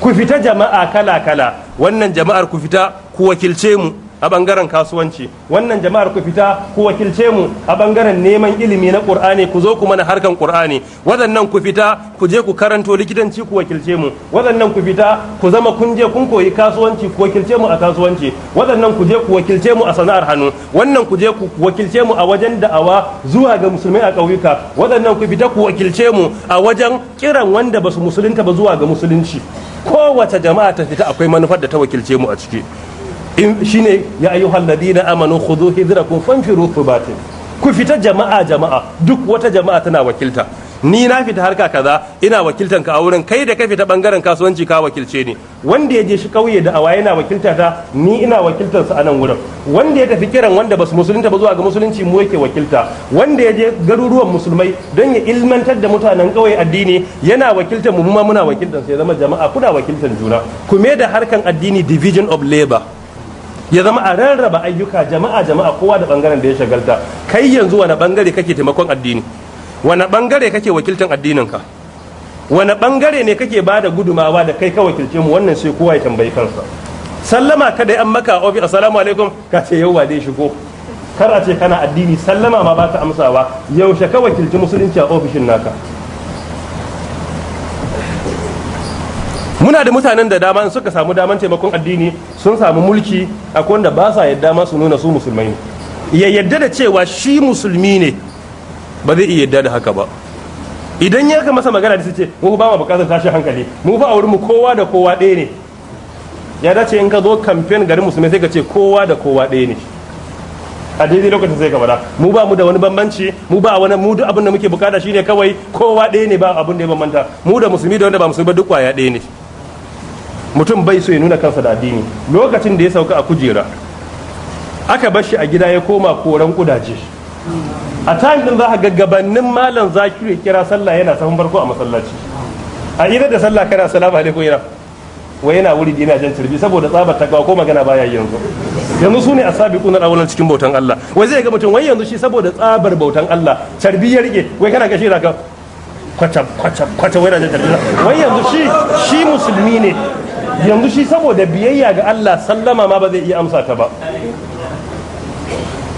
ku fita jama'a kala kala wannan jama'ar ku fita ku wakilce mu a bangaren kasuwanci wannan jama'ar ku fita ku wakilce mu a bangaren neman ilimi na qur'ani ku zo ku mana harkan qur'ani waɗannan ku fita ku je ku karanto likitanci ku wakilce mu wadannan ku fita ku zama kun je kun koyi kasuwanci ku wakilce mu a kasuwanci waɗannan ku je ku wakilce mu a sana'ar hannu wannan ku je ku wakilce mu a wajen da'awa zuwa ga musulmai a ƙauyuka waɗannan ku fita ku wakilce mu a wajen kiran wanda basu musulunta ba zuwa ga musulunci kowace jama'a ta fita akwai manufar da ta wakilce mu a ciki in shine ya ayyuhal ladina amanu khudhu hidrakum fanfiru thubatin ku fita jama'a jama'a duk wata jama'a tana wakilta ni na fita harka kaza ina wakiltan ka a wurin kai da ka fita bangaren kasuwanci ka wakilce ni wanda ya je shi kauye da awa yana wakilta ta ni ina wakiltar sa anan wurin wanda ya tafi kiran wanda basu musulunta ba zuwa ga musulunci mu yake wakilta wanda ya je garuruwan musulmai don ya ilmantar da mutanen kauye addini yana wakiltar mu ma muna wakiltar sa ya zama jama'a kuna wakiltar juna kuma da harkan addini division of labor ya zama a rarraba ayyuka jama'a jama'a kowa da bangaren da ya shagalta kai yanzu wani bangare kake taimakon addini wani bangare kake wakiltan addininka wani bangare ne kake ba da gudumawa da kai ka wakilce mu wannan sai kowa ya tambayi kansa sallama ka da an maka ofi assalamu alaikum ka ce yau dai shigo kar a ce kana addini sallama ma ba ta amsawa yaushe ka wakilci musulunci a ofishin naka muna da mutanen da dama suka samu daman taimakon addini sun samu mulki a wanda ba sa yadda ma su nuna su musulmai ya yadda da cewa shi musulmi ne ba zai iya yadda da haka ba idan ya ka masa magana da su ce mu ba ma bukatar tashi hankali mu fa a wurin mu kowa da kowa ɗaya ne ya dace in ka zo kamfen garin musulmi sai ka ce kowa da kowa ɗaya ne a daidai lokacin sai ka fada mu ba mu da wani bambanci mu ba wani mu duk abin da muke bukata shine kawai kowa ɗaya ne ba abin da ya bambanta mu da musulmi da wanda ba musulmi ba duk kwaya ɗaya ne mutum bai so ya nuna kansa da addini lokacin da ya sauka a kujera aka bar shi a gida ya koma koran kudaje a time din za ka gabanin malam zakiru ya kira sallah yana sahun farko a masallaci a ina da sallah kana salamu alaikum yana wa yana wuri yana jan turbi saboda tsabar takawa ko magana baya yanzu yanzu su ne a sabi kunar awulan cikin bautan Allah wai zai ga mutum wai yanzu shi saboda tsabar bautan Allah turbi ya rike wai kana gashi da ka kwata kwata kwata wai jan turbi wai yanzu shi shi musulmi ne yanzu shi saboda biyayya ga Allah sallama ma ba zai iya amsa ta ba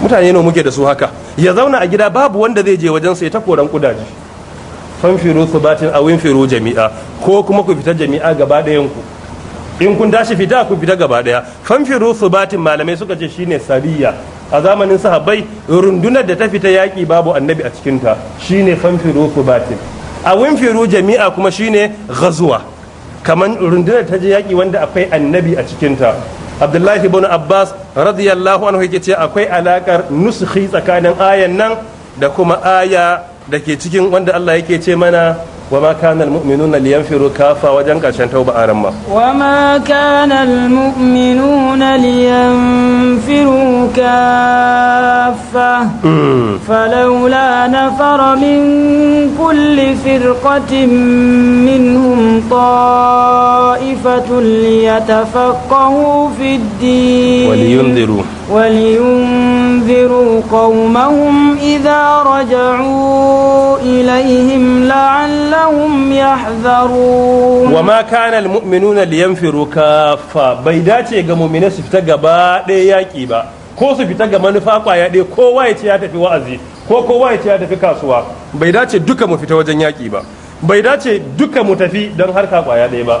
mutane ne muke da su haka ya zauna a gida babu wanda zai je wajen sai ta koran kudaji fanfiru batin a winfiru jami'a ko kuma ku fita jami'a gaba ɗayan ku in kun tashi fita ku fita gaba ɗaya fanfiru batin malamai suka ce shine sariya a zamanin sahabbai rundunar da ta fita yaki babu annabi a cikinta shine fanfiru batin a winfiru jami'a kuma shine gazuwa. kaman rundunar ta je yaƙi wanda akwai annabi a cikinta abdullahi ibn abbas radiyallahu anhu yake ce akwai alakar nuskhi tsakanin ayan nan da kuma aya da ke cikin wanda Allah yake ce mana وما كان المؤمنون لينفروا كافة وجن عشان توبة أرمى وما كان المؤمنون لينفروا كافة فلولا نفر من كل فرقة منهم طائفة ليتفقهوا في الدين ولينذروا ولينذروا قومهم إذا رجعوا إليهم لعلهم يحذرون وما كان المؤمنون لينفروا كافة بيداتي ga mu'mina su fita gaba ɗaya yaƙi ba ko su fita ga manufa ƙwaya ɗaya kowa ya ce ya tafi wa'azi ko kowa ya ce ya tafi kasuwa bai dace duka mu fita wajen yaƙi ba bai dace duka mu tafi don harka ƙwaya ɗaya ba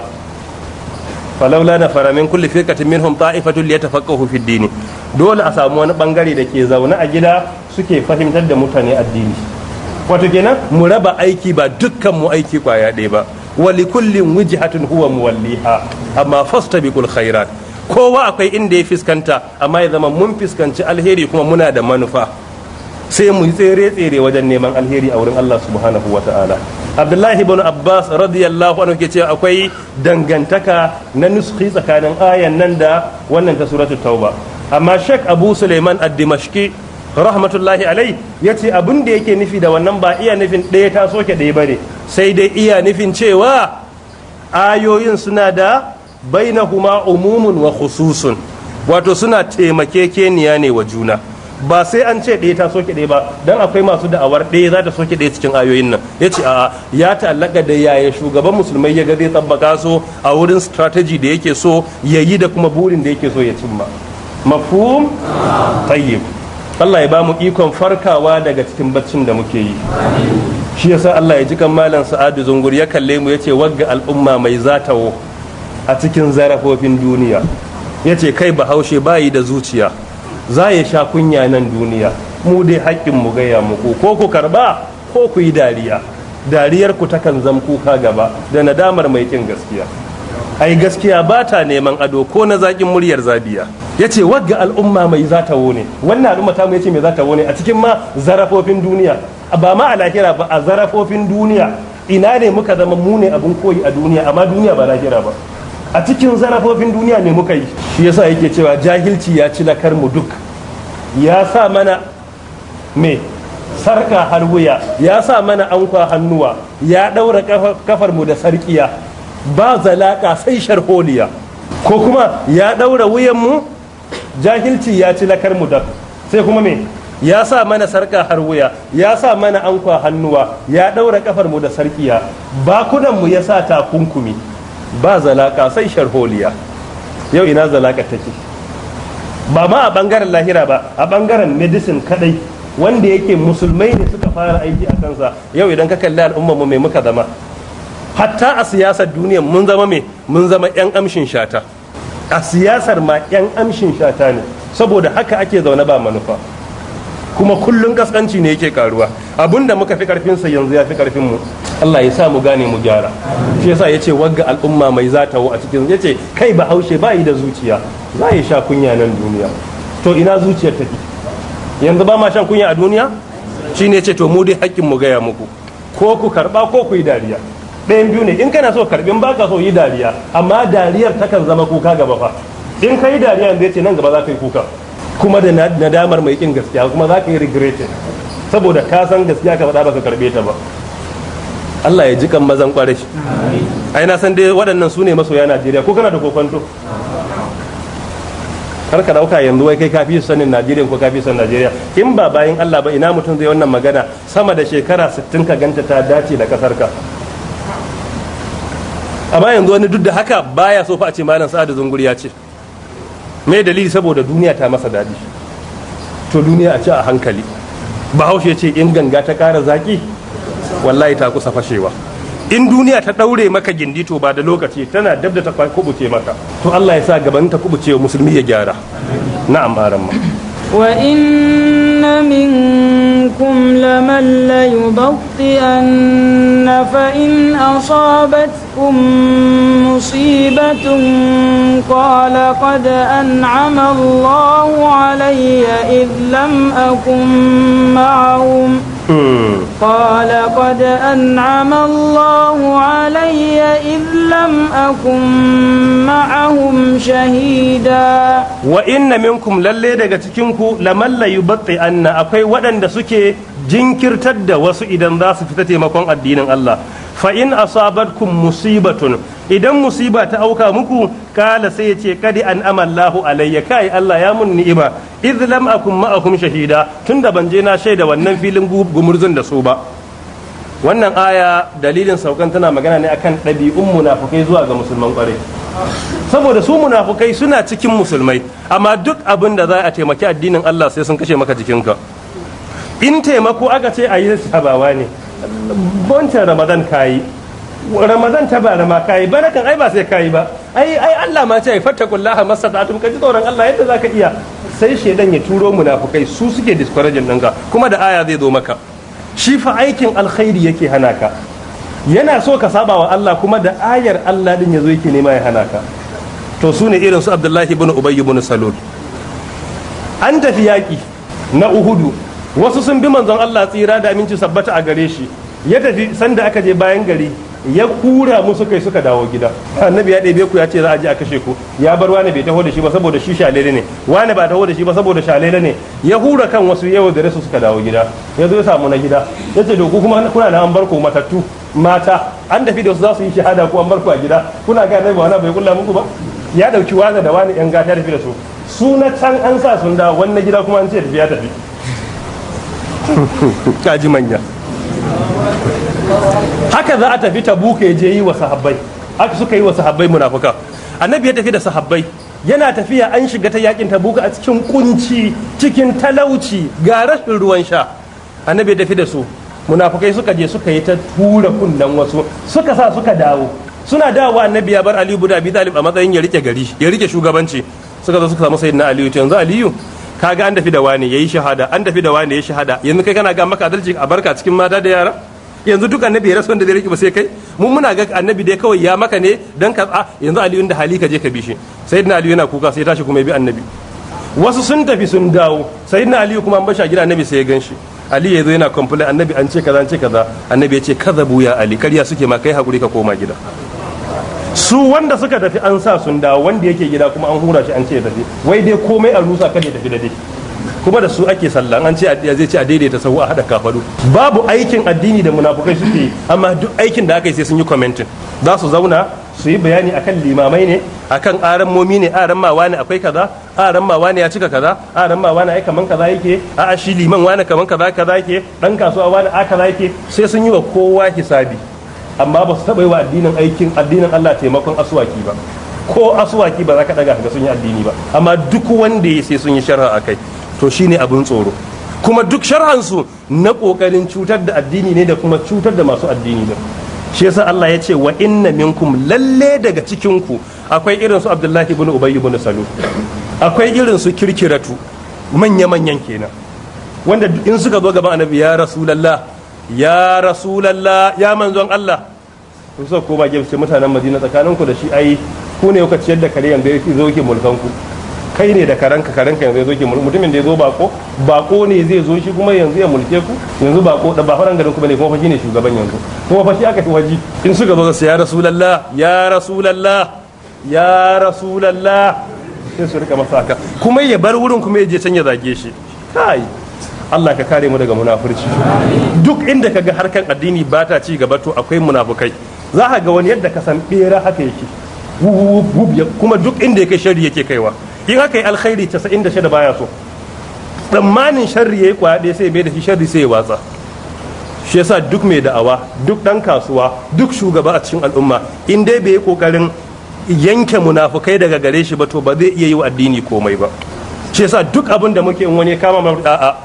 falaula na faramin min kulli firqatin minhum ta'ifatun liyatafaqahu dini dole a samu wani bangare da ke zaune a gida suke fahimtar da mutane addini wato kenan mu raba aiki ba dukkan mu aiki kwaya ɗaya ba wali kullin wujhatun huwa muwalliha amma fastabiqul khairat kowa akwai inda ya fiskanta amma ya zama mun fiskanci alheri kuma muna da manufa sai mu tsere tsere wajen neman alheri a wurin Allah subhanahu wa ta'ala abdullahi ibn abbas radiyallahu anhu ke cewa akwai dangantaka na nuskhi tsakanin ayan nan da wannan ta suratul tauba amma sheikh abu suleiman ad-dimashqi rahmatullahi alai ya ce abin da yake nufi da wannan ba iya nufin ɗaya ta soke ɗaya ba ne sai dai iya nufin cewa ayoyin suna da bainahuma umumun wa khususun wato suna taimakekeniya ne wa juna ba sai an ce ɗaya ta soke ɗaya ba dan akwai masu da'awar ɗaya za ta soke ɗaya cikin ayoyin nan ya ce a ya ta'allaka da yaya shugaban musulmai ya ga zai tabbaka so a wurin strategy da yake so ya yi da kuma burin da yake so ya cimma mafhum tayyib Allah ya ba mu ikon farkawa daga cikin baccin da muke yi shi yasa Allah ya ji kan malam Sa'adu Zungur ya kalle mu ya ce, wagga al'umma mai zatawo a cikin zarafofin duniya Ya ce kai bahaushe bayi da zuciya za ya sha kunya nan duniya mu dai haƙƙin mu gaya muku ko ku karba ko ku yi dariya dariyar ku takan zam kuka gaba da nadamar mai kin gaskiya ai gaskiya ba ta neman ado ko na zaƙin muryar zabiya ya ce wagga al'umma mai za ta wone wannan al'umma ta mu ya ce mai za ta wone a cikin ma zarafofin duniya ba ma a lahira ba a zarafofin duniya ina ne muka zama mu ne abin koyi a duniya amma duniya ba lahira ba a cikin zarafofin duniya ne muka yi shi yasa yake cewa jahilci ya ci lakar mu duk ya sa mana me sarka har wuya ya sa mana ankwa hannuwa ya daura kafar mu da sarkiya ba zalaka sai sharholiya ko kuma ya daura wuyan mu jahilci ya ci lakar mu duk sai kuma me ya sa mana sarka har wuya ya sa mana ankwa hannuwa ya daura kafar mu da sarkiya ba kudan mu ya sa takunkumi ba zalaka sai sharholiya yau ina zalaka take ba ma a bangaren lahira ba a bangaren medicine kadai wanda yake musulmai ne suka fara aiki a kansa yau idan ka kalli al'ummar mu mai muka zama hatta a siyasar duniya mun zama mai mun zama yan amshin shata a siyasar ma yan amshin shata ne saboda haka ake zaune ba manufa kuma kullun kaskanci ne yake karuwa abinda muka fi karfin sa yanzu ya fi karfin mu Allah ya sa mu gane mu gyara shi yasa yace wagga al'umma mai zatawo a cikin yace kai ba haushe ba yi da zuciya za ya sha kunya nan duniya to ina zuciyar take yanzu ba ma shan kunya a duniya shine yace to mu dai hakkin mu gaya muku ko ku karba ko ku yi dariya ɗayan biyu ne in kana so karbin ka so yi dariya amma dariyar takan zama kuka gaba fa in ka yi dariya yanzu yace nan gaba za ka yi kuka kuma da nadamar mai kin gaskiya kuma za ka yi regretin saboda ka san gaskiya ka faɗa ka karɓe ta ba Allah ya ji kan mazan kwarai ai na san dai waɗannan su ne masoya Najeriya ko kana da kokonto kar ka dauka yanzu wai kai kafi sanin Najeriya ko kafi sanin Najeriya in ba bayin Allah ba ina mutum zai wannan magana sama da shekara 60 ka ganta ta dace da kasar ka amma yanzu wani duk da haka baya so fa a ce malam Sa'adu Zunguri ya ce me dalili saboda duniya ta masa daɗi to duniya a ci a hankali bahaushe ya ce in ganga ta ƙara zaƙi wallahi ta kusa fashewa in duniya ta ɗaure maka gindi to ba da lokaci tana dab da ta kubuce maka to Allah ya sa gaban ta kubuce musulmi ya gyara na amaran ma wa inna minkum laman la fa in asabat تصبكم مصيبة قال قد أنعم الله علي إذ لم أكن معهم قال قد أنعم الله علي إذ لم أكن معهم شهيدا وإن منكم للي daga cikinku laman la yubatti anna akwai waɗanda suke jinkirtar da wasu idan za su fita taimakon addinin Allah fa in asabatkum musibatun idan musiba ta auka muku kala sai ya ce kadi an amallahu alayya kai Allah ya mun ni'ima idh lam akum ma'akum shahida tunda ban je na shaida wannan filin gumurzun da su ba ba wannan aya dalilin saukan tana magana ne akan ɗabi'un munafukai zuwa ga musulman kwarai saboda su munafukai suna cikin musulmai amma duk abin da za a taimaki addinin Allah sai sun kashe maka jikinka in taimako aka ce ayi yi sabawa ne boncan ramadan kayi ramadan ta ba ma kayi barakan ai ba sai kayi ba ai ai Allah ma ce fattakullaha masata'atum ka kaji tsoron Allah yadda zaka iya sai shedan ya turo munafukai su suke discouraging ɗinka kuma da aya zai zo maka shi fa aikin alkhairi yake hana ka yana so ka saba wa Allah kuma da ayar Allah din yazo yake nema ya hana ka to su ne irin su Abdullahi ibn Ubay ibn Salul an tafi yaƙi na Uhudu wasu sun bi manzon Allah tsira da aminci sabbata a gare shi ya tafi sanda aka je bayan gari ya kura musu kai suka dawo gida annabi ya ɗebe ku ya ce za a je a kashe ku ya bar wani bai taho da shi ba saboda shi shalele ne wani ba taho da shi ba saboda shalele ne ya hura kan wasu yau da su suka dawo gida ya zo ya samu na gida ya ce doku kuma kuna na an bar matattu mata an tafi da wasu za su yi shahada ko an bar a gida kuna ga annabi wani bai kulla muku ba ya dauki wani da wani yan gata tafi da su su na can an sa sun dawo wani gida kuma an ce tafi ya tafi (laughs) kaji manya haka za a tafi tabuk ya je yi wa sahabbai aka suka yi wa sahabbai munafuka annabi ya tafi da sahabbai yana tafiya an shiga ta yakin tabuk a cikin kunci cikin talauci ga rashin ruwan sha annabi ya tafi da su munafukai suka je suka yi ta tura kunnen wasu suka sa suka dawo suna dawo annabi ya bar aliyu bin abi talib a matsayin ya rike gari ya rike shugabanci suka zo suka samu sayyidina aliyu to yanzu aliyu kaga an tafi da wani yayi shahada an tafi da wani yayi shahada yanzu kai kana ga maka adalci a barka cikin mata da yara yanzu duk annabi ya rasu wanda zai rike ba sai kai mu muna ga annabi dai kawai ya maka ne dan ka yanzu aliyu da hali ka je ka bi shi sayyidina aliyu yana kuka sai tashi kuma ya bi annabi wasu sun tafi sun dawo sayyidina aliyu kuma an bashi a gida annabi sai ya ganshi ali ya zo yana complain annabi an ce kaza an ce kaza annabi ya ce kadhabu ya ali karya suke ma kai hakuri ka koma gida su wanda suka tafi an sa sun dawo wanda yake gida kuma an hura shi an ce ya tafi wai dai komai a rusa kada ya tafi da dai kuma da su ake sallah an ce zai ci a daidaita sahu a hada kafaru babu aikin addini da munafukai suke amma duk aikin da aka yi sai sun yi commenting za su zauna su yi bayani akan limamai ne akan aran momi ne aran mawa ne akwai kaza aran mawa ne ya cika kaza aran mawa ne ai kaman kaza yake a a shi liman wani kaman kaza kaza yake dan kasuwa wani a kaza yake sai sun yi wa kowa hisabi amma ba su taba yi wa addinin aikin addinin Allah taimakon asuwaki ba ko asuwaki ba za ka daga ga sun yi addini ba amma duk wanda ya sai sun yi sharha akai to shine abin tsoro kuma duk sharhansu na ƙoƙarin cutar da addini ne da kuma cutar da masu addini ne shi yasa Allah ya ce wa inna minkum lalle daga cikinku akwai irin su Abdullahi ibn Ubay ibn Salul akwai irin su kirkiratu manya manyan kenan wanda in suka zo gaban anabi ya rasulullah ya rasulullah ya manzon Allah kun so ko ba gefe mutanen Madina tsakaninku da shi ai ku ne kuka ciyar da kare yanzu zo ki mulkanku ku kai ne da karanka karanka yanzu ya zo ke mutumin da ya zo bako bako ne zai zo shi kuma yanzu ya mulke ku yanzu bako da ba faran garin ku bane kuma fashi ne shugaban yanzu kuma fashi aka fi waji in suka zo su ya rasulullah ya rasulullah ya rasulullah sai su rika masa haka kuma ya bar wurin kuma ya je can ya zage shi kai Allah ka kare mu daga munafurci duk inda ka ga harkan addini ba ta ci gaba to akwai munafukai za ka ga wani yadda ka san bera haka yake kuma duk inda ya kai shari yake kaiwa in aka yi alkhairi 96 baya so tsammanin sharri yi kwaɗe sai bai da shi sharri sai ya watsa shi yasa duk mai da'awa duk dan kasuwa duk shugaba a cikin al'umma in dai bai yi kokarin yanke munafukai daga gare shi ba to ba zai iya yi wa addini komai ba shi yasa duk abin da muke in wani kama mana da'a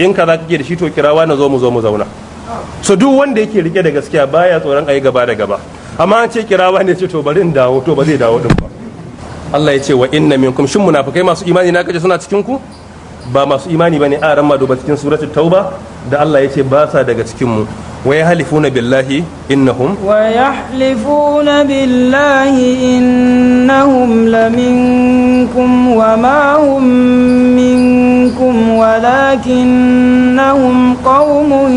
in kaza kake da shi to kirawa na zo mu zo mu zauna so duk wanda yake rike da gaskiya baya tsoron ayi gaba da gaba amma an ce kirawa ne ce to bari in dawo to ba zai dawo din ba Allah ya ce wa inna minkum shin munafikai masu imani na kace suna cikin ku ba masu imani bane a ran duba cikin suratu tauba da Allah ya ce ba sa daga cikin mu wa yahlifuna billahi innahum wa yahlifuna billahi innahum laminkum wa ma hum minkum walakinnahum qaumun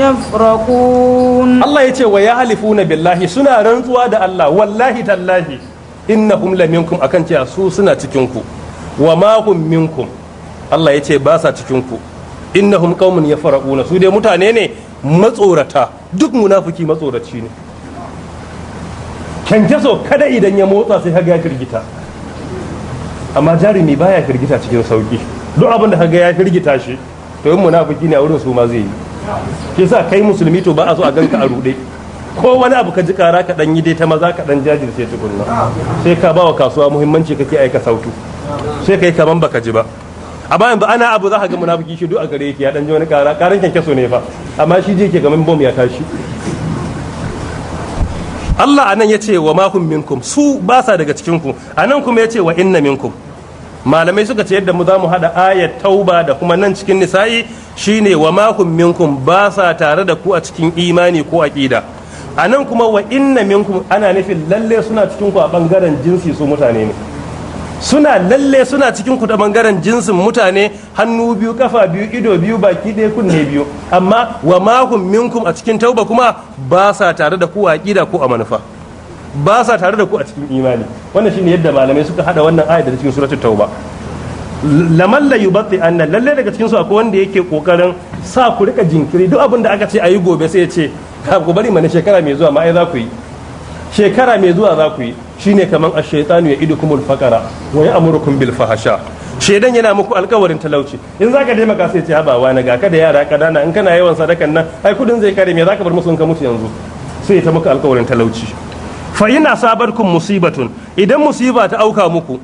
yafraqun Allah ya ce wa yahlifuna billahi suna rantsuwa da Allah wallahi tallahi innahum minkum akan cewa su suna cikin ku wa ma hum minkum Allah ya ce ba sa cikin ku innahum qaumun yafarquna su dai mutane ne matsorata duk munafiki matsoraci ne kyankyaso kada idan ya motsa sai kaga ya firgita amma jarumi baya firgita cikin sauki duk abin da kaga ya firgita shi to yin munafiki ne a wurin su ma zai yi ke sa kai musulmi to ba a so a ganka a rude ko wani abu ka ji kara ka dan yi dai ta maza ka dan jajirce tukunna sai ka bawa kasuwa muhimmanci kake aika sautu sai kamar kaman baka ji ba A bayan ba ana abu za ka ga munafiki shi duk a gare yake ya dan ji wani kara karan kyankyaso ne fa amma shi ji yake kaman bom ya tashi Allah anan ya ce wa mahum minkum su ba sa daga cikin ku anan kuma ya ce wa inna minkum malamai suka ce yadda mu za mu haɗa ayat tauba da kuma nan cikin nisa'i shine wa mahum minkum ba sa tare da ku a cikin imani ko aqida a nan kuma wa inna minkum ana nufin lalle suna cikin ku a bangaren jinsi su mutane ne suna lalle suna cikin ku da bangaren jinsin mutane hannu biyu kafa biyu ido biyu baki ɗaya kunne biyu amma wa mahum minkum a cikin tauba kuma ba sa tare da ku a ƙida ko a manufa ba sa tare da ku a cikin imani wannan shine yadda malamai suka hada wannan ayat da cikin suratul tauba lamal la yubatti anna lalle daga cikin su akwai wanda yake kokarin sa ku rika jinkiri duk abin da aka ce ayi gobe sai ya ce ku bari mana shekara mai zuwa ma ai za ku yi shekara mai zuwa za ku yi shine kaman ash-shaytanu ya idukumul faqara wa ya'murukum bil fahsha shedan yana muku alkawarin talauci in zaka je maka sai ce haba wani ga ka da yara kadana in kana yawan sadakan nan ai kudin zai kare me za ka bar musu in ka mutu yanzu sai ta muku alkawarin talauci fa ina sabarkum musibatun idan musiba ta auka muku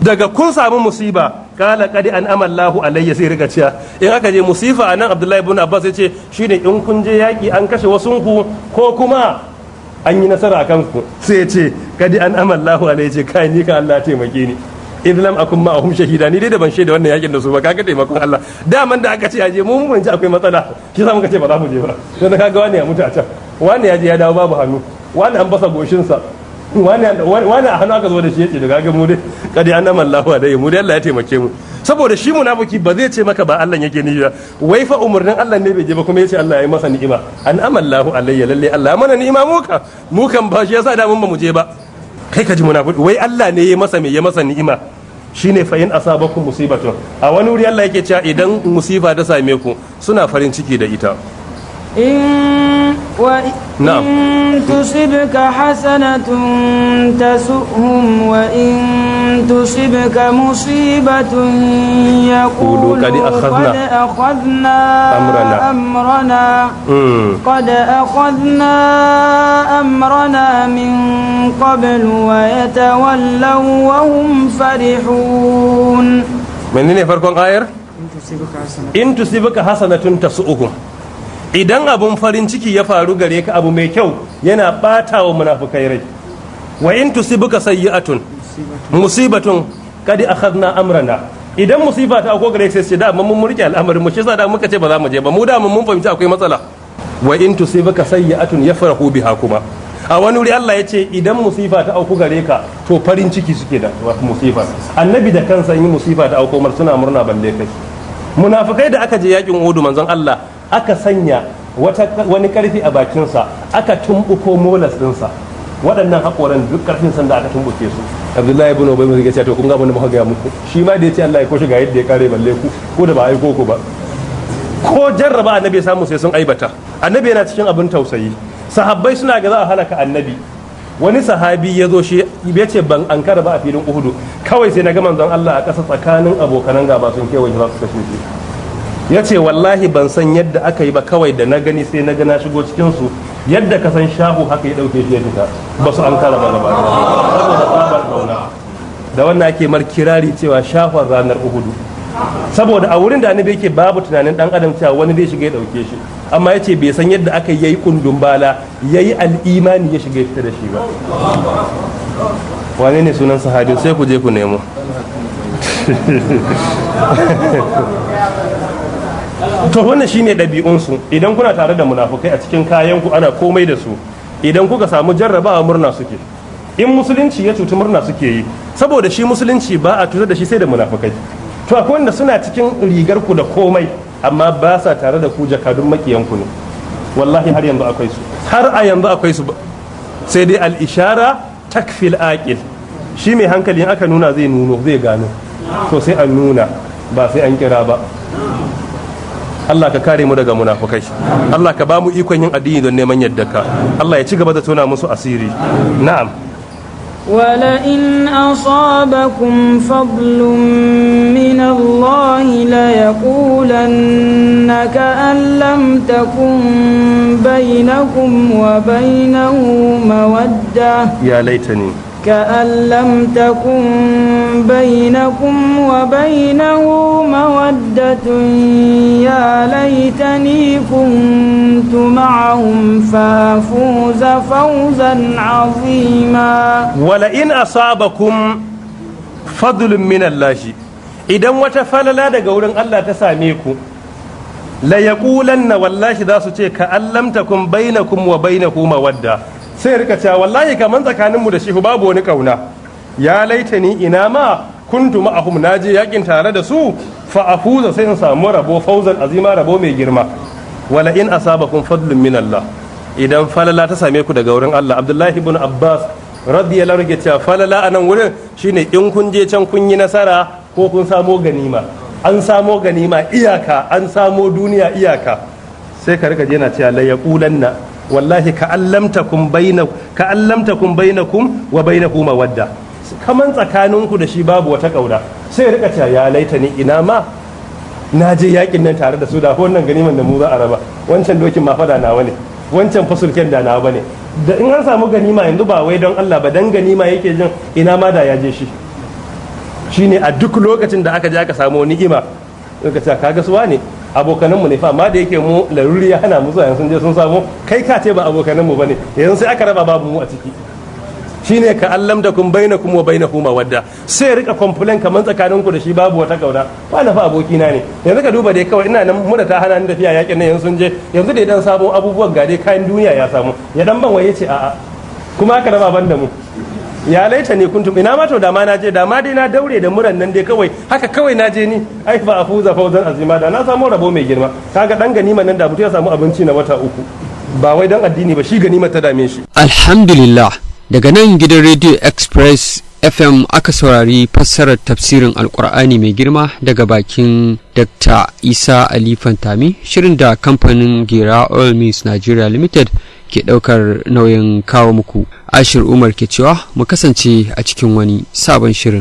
daga kun samu musiba kala kadi an amallahu alayya sai riga ciya in aka je musifa anan abdullahi ibn abbas yace ce shine in kun je yaki an kashe wasun ku ko kuma an yi nasara a ku sai yace ce kadi an amallahu alayya ce kai ni ka Allah taimake ni in lam akun ma'ahum shahida ni dai da ban shaida wannan yakin da su ba kaga taimakon Allah daman da aka ce a je mu mun ji akwai matsala shi za mu ce ba za mu je ba sai kaga wani ya mutu a can wani ya je ya dawo babu hannu wani an basa goshin sa wani a hannu aka zo da shi yace daga ga mu dai kadi an nama Allah da mu dai Allah ya taimake mu saboda shi munafiki ba zai ce maka ba Allah yake ni ba wai fa umurnin Allah ne bai je ba kuma yace Allah ya masa ni'ima an Allah alayya lalle Allah mana ni'ima mu ka mu kan ba shi yasa da mun ba mu je ba kai ka ji munafiki wai Allah ne ya masa me ya masa ni'ima shine fa in asabakum musibatun a wani wuri Allah yake cewa idan musiba ta same ku suna farin ciki da ita in نعم تصبك حسنة تسؤهم وإن تصبك مصيبة يقولوا قد أخذنا, قد أخذنا أمرنا, أمرنا قد أخذنا أمرنا من قبل ويتولوا وهم فرحون من فرق آير إن تصيبك حسنة تسؤهم idan abun farin ciki ya faru gare ka abu mai kyau yana bata wa munafukai rai wa in tusibuka sayyi'atun musibatun kadi akhadna amrana idan musiba ta ko gare sai da mun murke al'amarin mu shi yasa da muka ce ba za mu je ba mu da mun fahimci akwai matsala wa in tusibuka sayyi'atun yafrahu biha kuma a wani wuri Allah ya ce idan musifa ta auku gare ka to farin ciki suke da musifa annabi da kansa yi musifa ta auku mar suna murna balle kai munafikai da aka je yakin udu manzon Allah aka sanya wani karfi a bakinsa aka tumbuko molas dinsa waɗannan haƙoran duk karfin sanda aka tumbuke su abdullahi ibn ubay mai ce to kun ga mun muka ga muku shi ma da yace Allah ya koshi ga yadda ya kare balle ku ko da ba aiko ku ba ko jarraba annabi ya samu sai sun aibata annabi yana cikin abin tausayi sahabbai suna ga za a halaka annabi wani sahabi ya zo shi ya ce ban an ba a filin uhudu kawai sai na ga manzon Allah a ƙasa tsakanin abokanan gaba sun kewaye za su kashe shi ya ce wallahi ban san yadda aka yi ba kawai da na gani sai na gana shigo cikinsu yadda ka san shahu haka ya dauke shi ya fita ba su an kara ba ba da wannan ake mar kirari cewa shahon ranar uhudu saboda a wurin da annabi yake babu tunanin dan adam cewa wani zai shiga ya dauke shi amma yace bai san yadda aka yayi kundun bala yayi al'imani ya shiga fita da shi ba wane ne sunan sahabin sai ku je ku nemo (laughs) to wannan shine ɗabi'unsu idan kuna tare da munafukai a cikin kayanku ana komai da su idan kuka samu jarrabawa murna suke in musulunci ya cuci murna suke yi saboda shi musulunci ba a cutar da shi sai da munafukai to akwai wanda suna cikin rigar ku da komai amma ba sa tare da ku jakadun makiyan ku ne wallahi har yanzu akwai su har a yanzu akwai su sai dai al'ishara ishara takfil aqil shi mai hankali aka nuna zai nuno zai gano to sai an nuna ba sai an kira ba Allah ka kare mu daga munafukai Allah ka ba mu ikon yin addini don neman yadda ka. Allah ya ci gaba da tona musu asiri na'am ولئن أصابكم فضل من الله ليقولن كأن لم تكن بينكم وبينه مودة يا ليتني كأن لم تكن بينكم وبينه مودة يا ليتني كنت معهم فأفوز فوزا عظيما ولئن أصابكم فضل من الله إذا وتفلل daga wurin Allah ta same ku la yaqulanna wallahi za su ce ka allamta allamtakum bainakum wa bainahu mawadda sai rika cewa wallahi kaman tsakaninmu da shi babu wani kauna ya laita ni ina ma kuntu ma'ahum je yakin tare da su fa afuza sai in samu rabo fauzan azima rabo mai girma wala in asabakum fadlun min Allah idan falala ta same ku daga wurin Allah Abdullahi ibn Abbas radiyallahu anhu cewa falala a nan wurin shine in kun je can kun yi nasara ko kun samo ganima an samo ganima iyaka an samo duniya iyaka sai ka rika je na cewa la yaqulanna wallahi ka allamta kun ka allamtakum bainakum wa bainahu mawadda kaman tsakaninku da shi babu wata ƙaura sai ya rika ya laita ni ina ma na je yakin nan tare da su da wannan ganiman da mu za a raba wancan dokin ma fada nawa ne wancan fasulken da nawa bane da in an samu ganima yanzu ba wai don Allah ba dan ganima yake jin ina ma da ya je shi shine a duk lokacin da aka je aka samu ni'ima ka ce kaga suwa ne abokananmu ne fa amma da yake mu laruri ya hana mu zuwa yanzu je sun samu kai ka ce ba abokananmu bane yanzu sai aka raba babu mu a ciki shine ka allam da kun baina kuma wa baina kuma wadda sai rika complain kamar tsakaninku da shi babu wata kauna na fa abokina ne yanzu ka duba dai kawai ina nan mura ta hana ni fiya yakin nan yanzu sun je yanzu dai dan sabon abubuwan gade kayan duniya ya samu ya dan ban waye ce a'a kuma aka raba ban da mu ya laita ne kuntum ina ma to da ma naje da ma dai na daure da muran nan dai kawai haka kawai naje ni ai fa afuza fawzan azima da na samu rabo mai girma kaga dan ganima nan da mutum ya samu abinci na wata uku ba wai dan addini ba shi ganima ta dame shi alhamdulillah daga nan gidan radio express fm aka saurari fassarar tafsirin alkur'ani mai girma daga bakin dr isa ali fantami shirin da kamfanin gira oil mills nigeria limited ke daukar nauyin kawo muku Ashir Umar ke cewa mu kasance a cikin wani sabon shirin.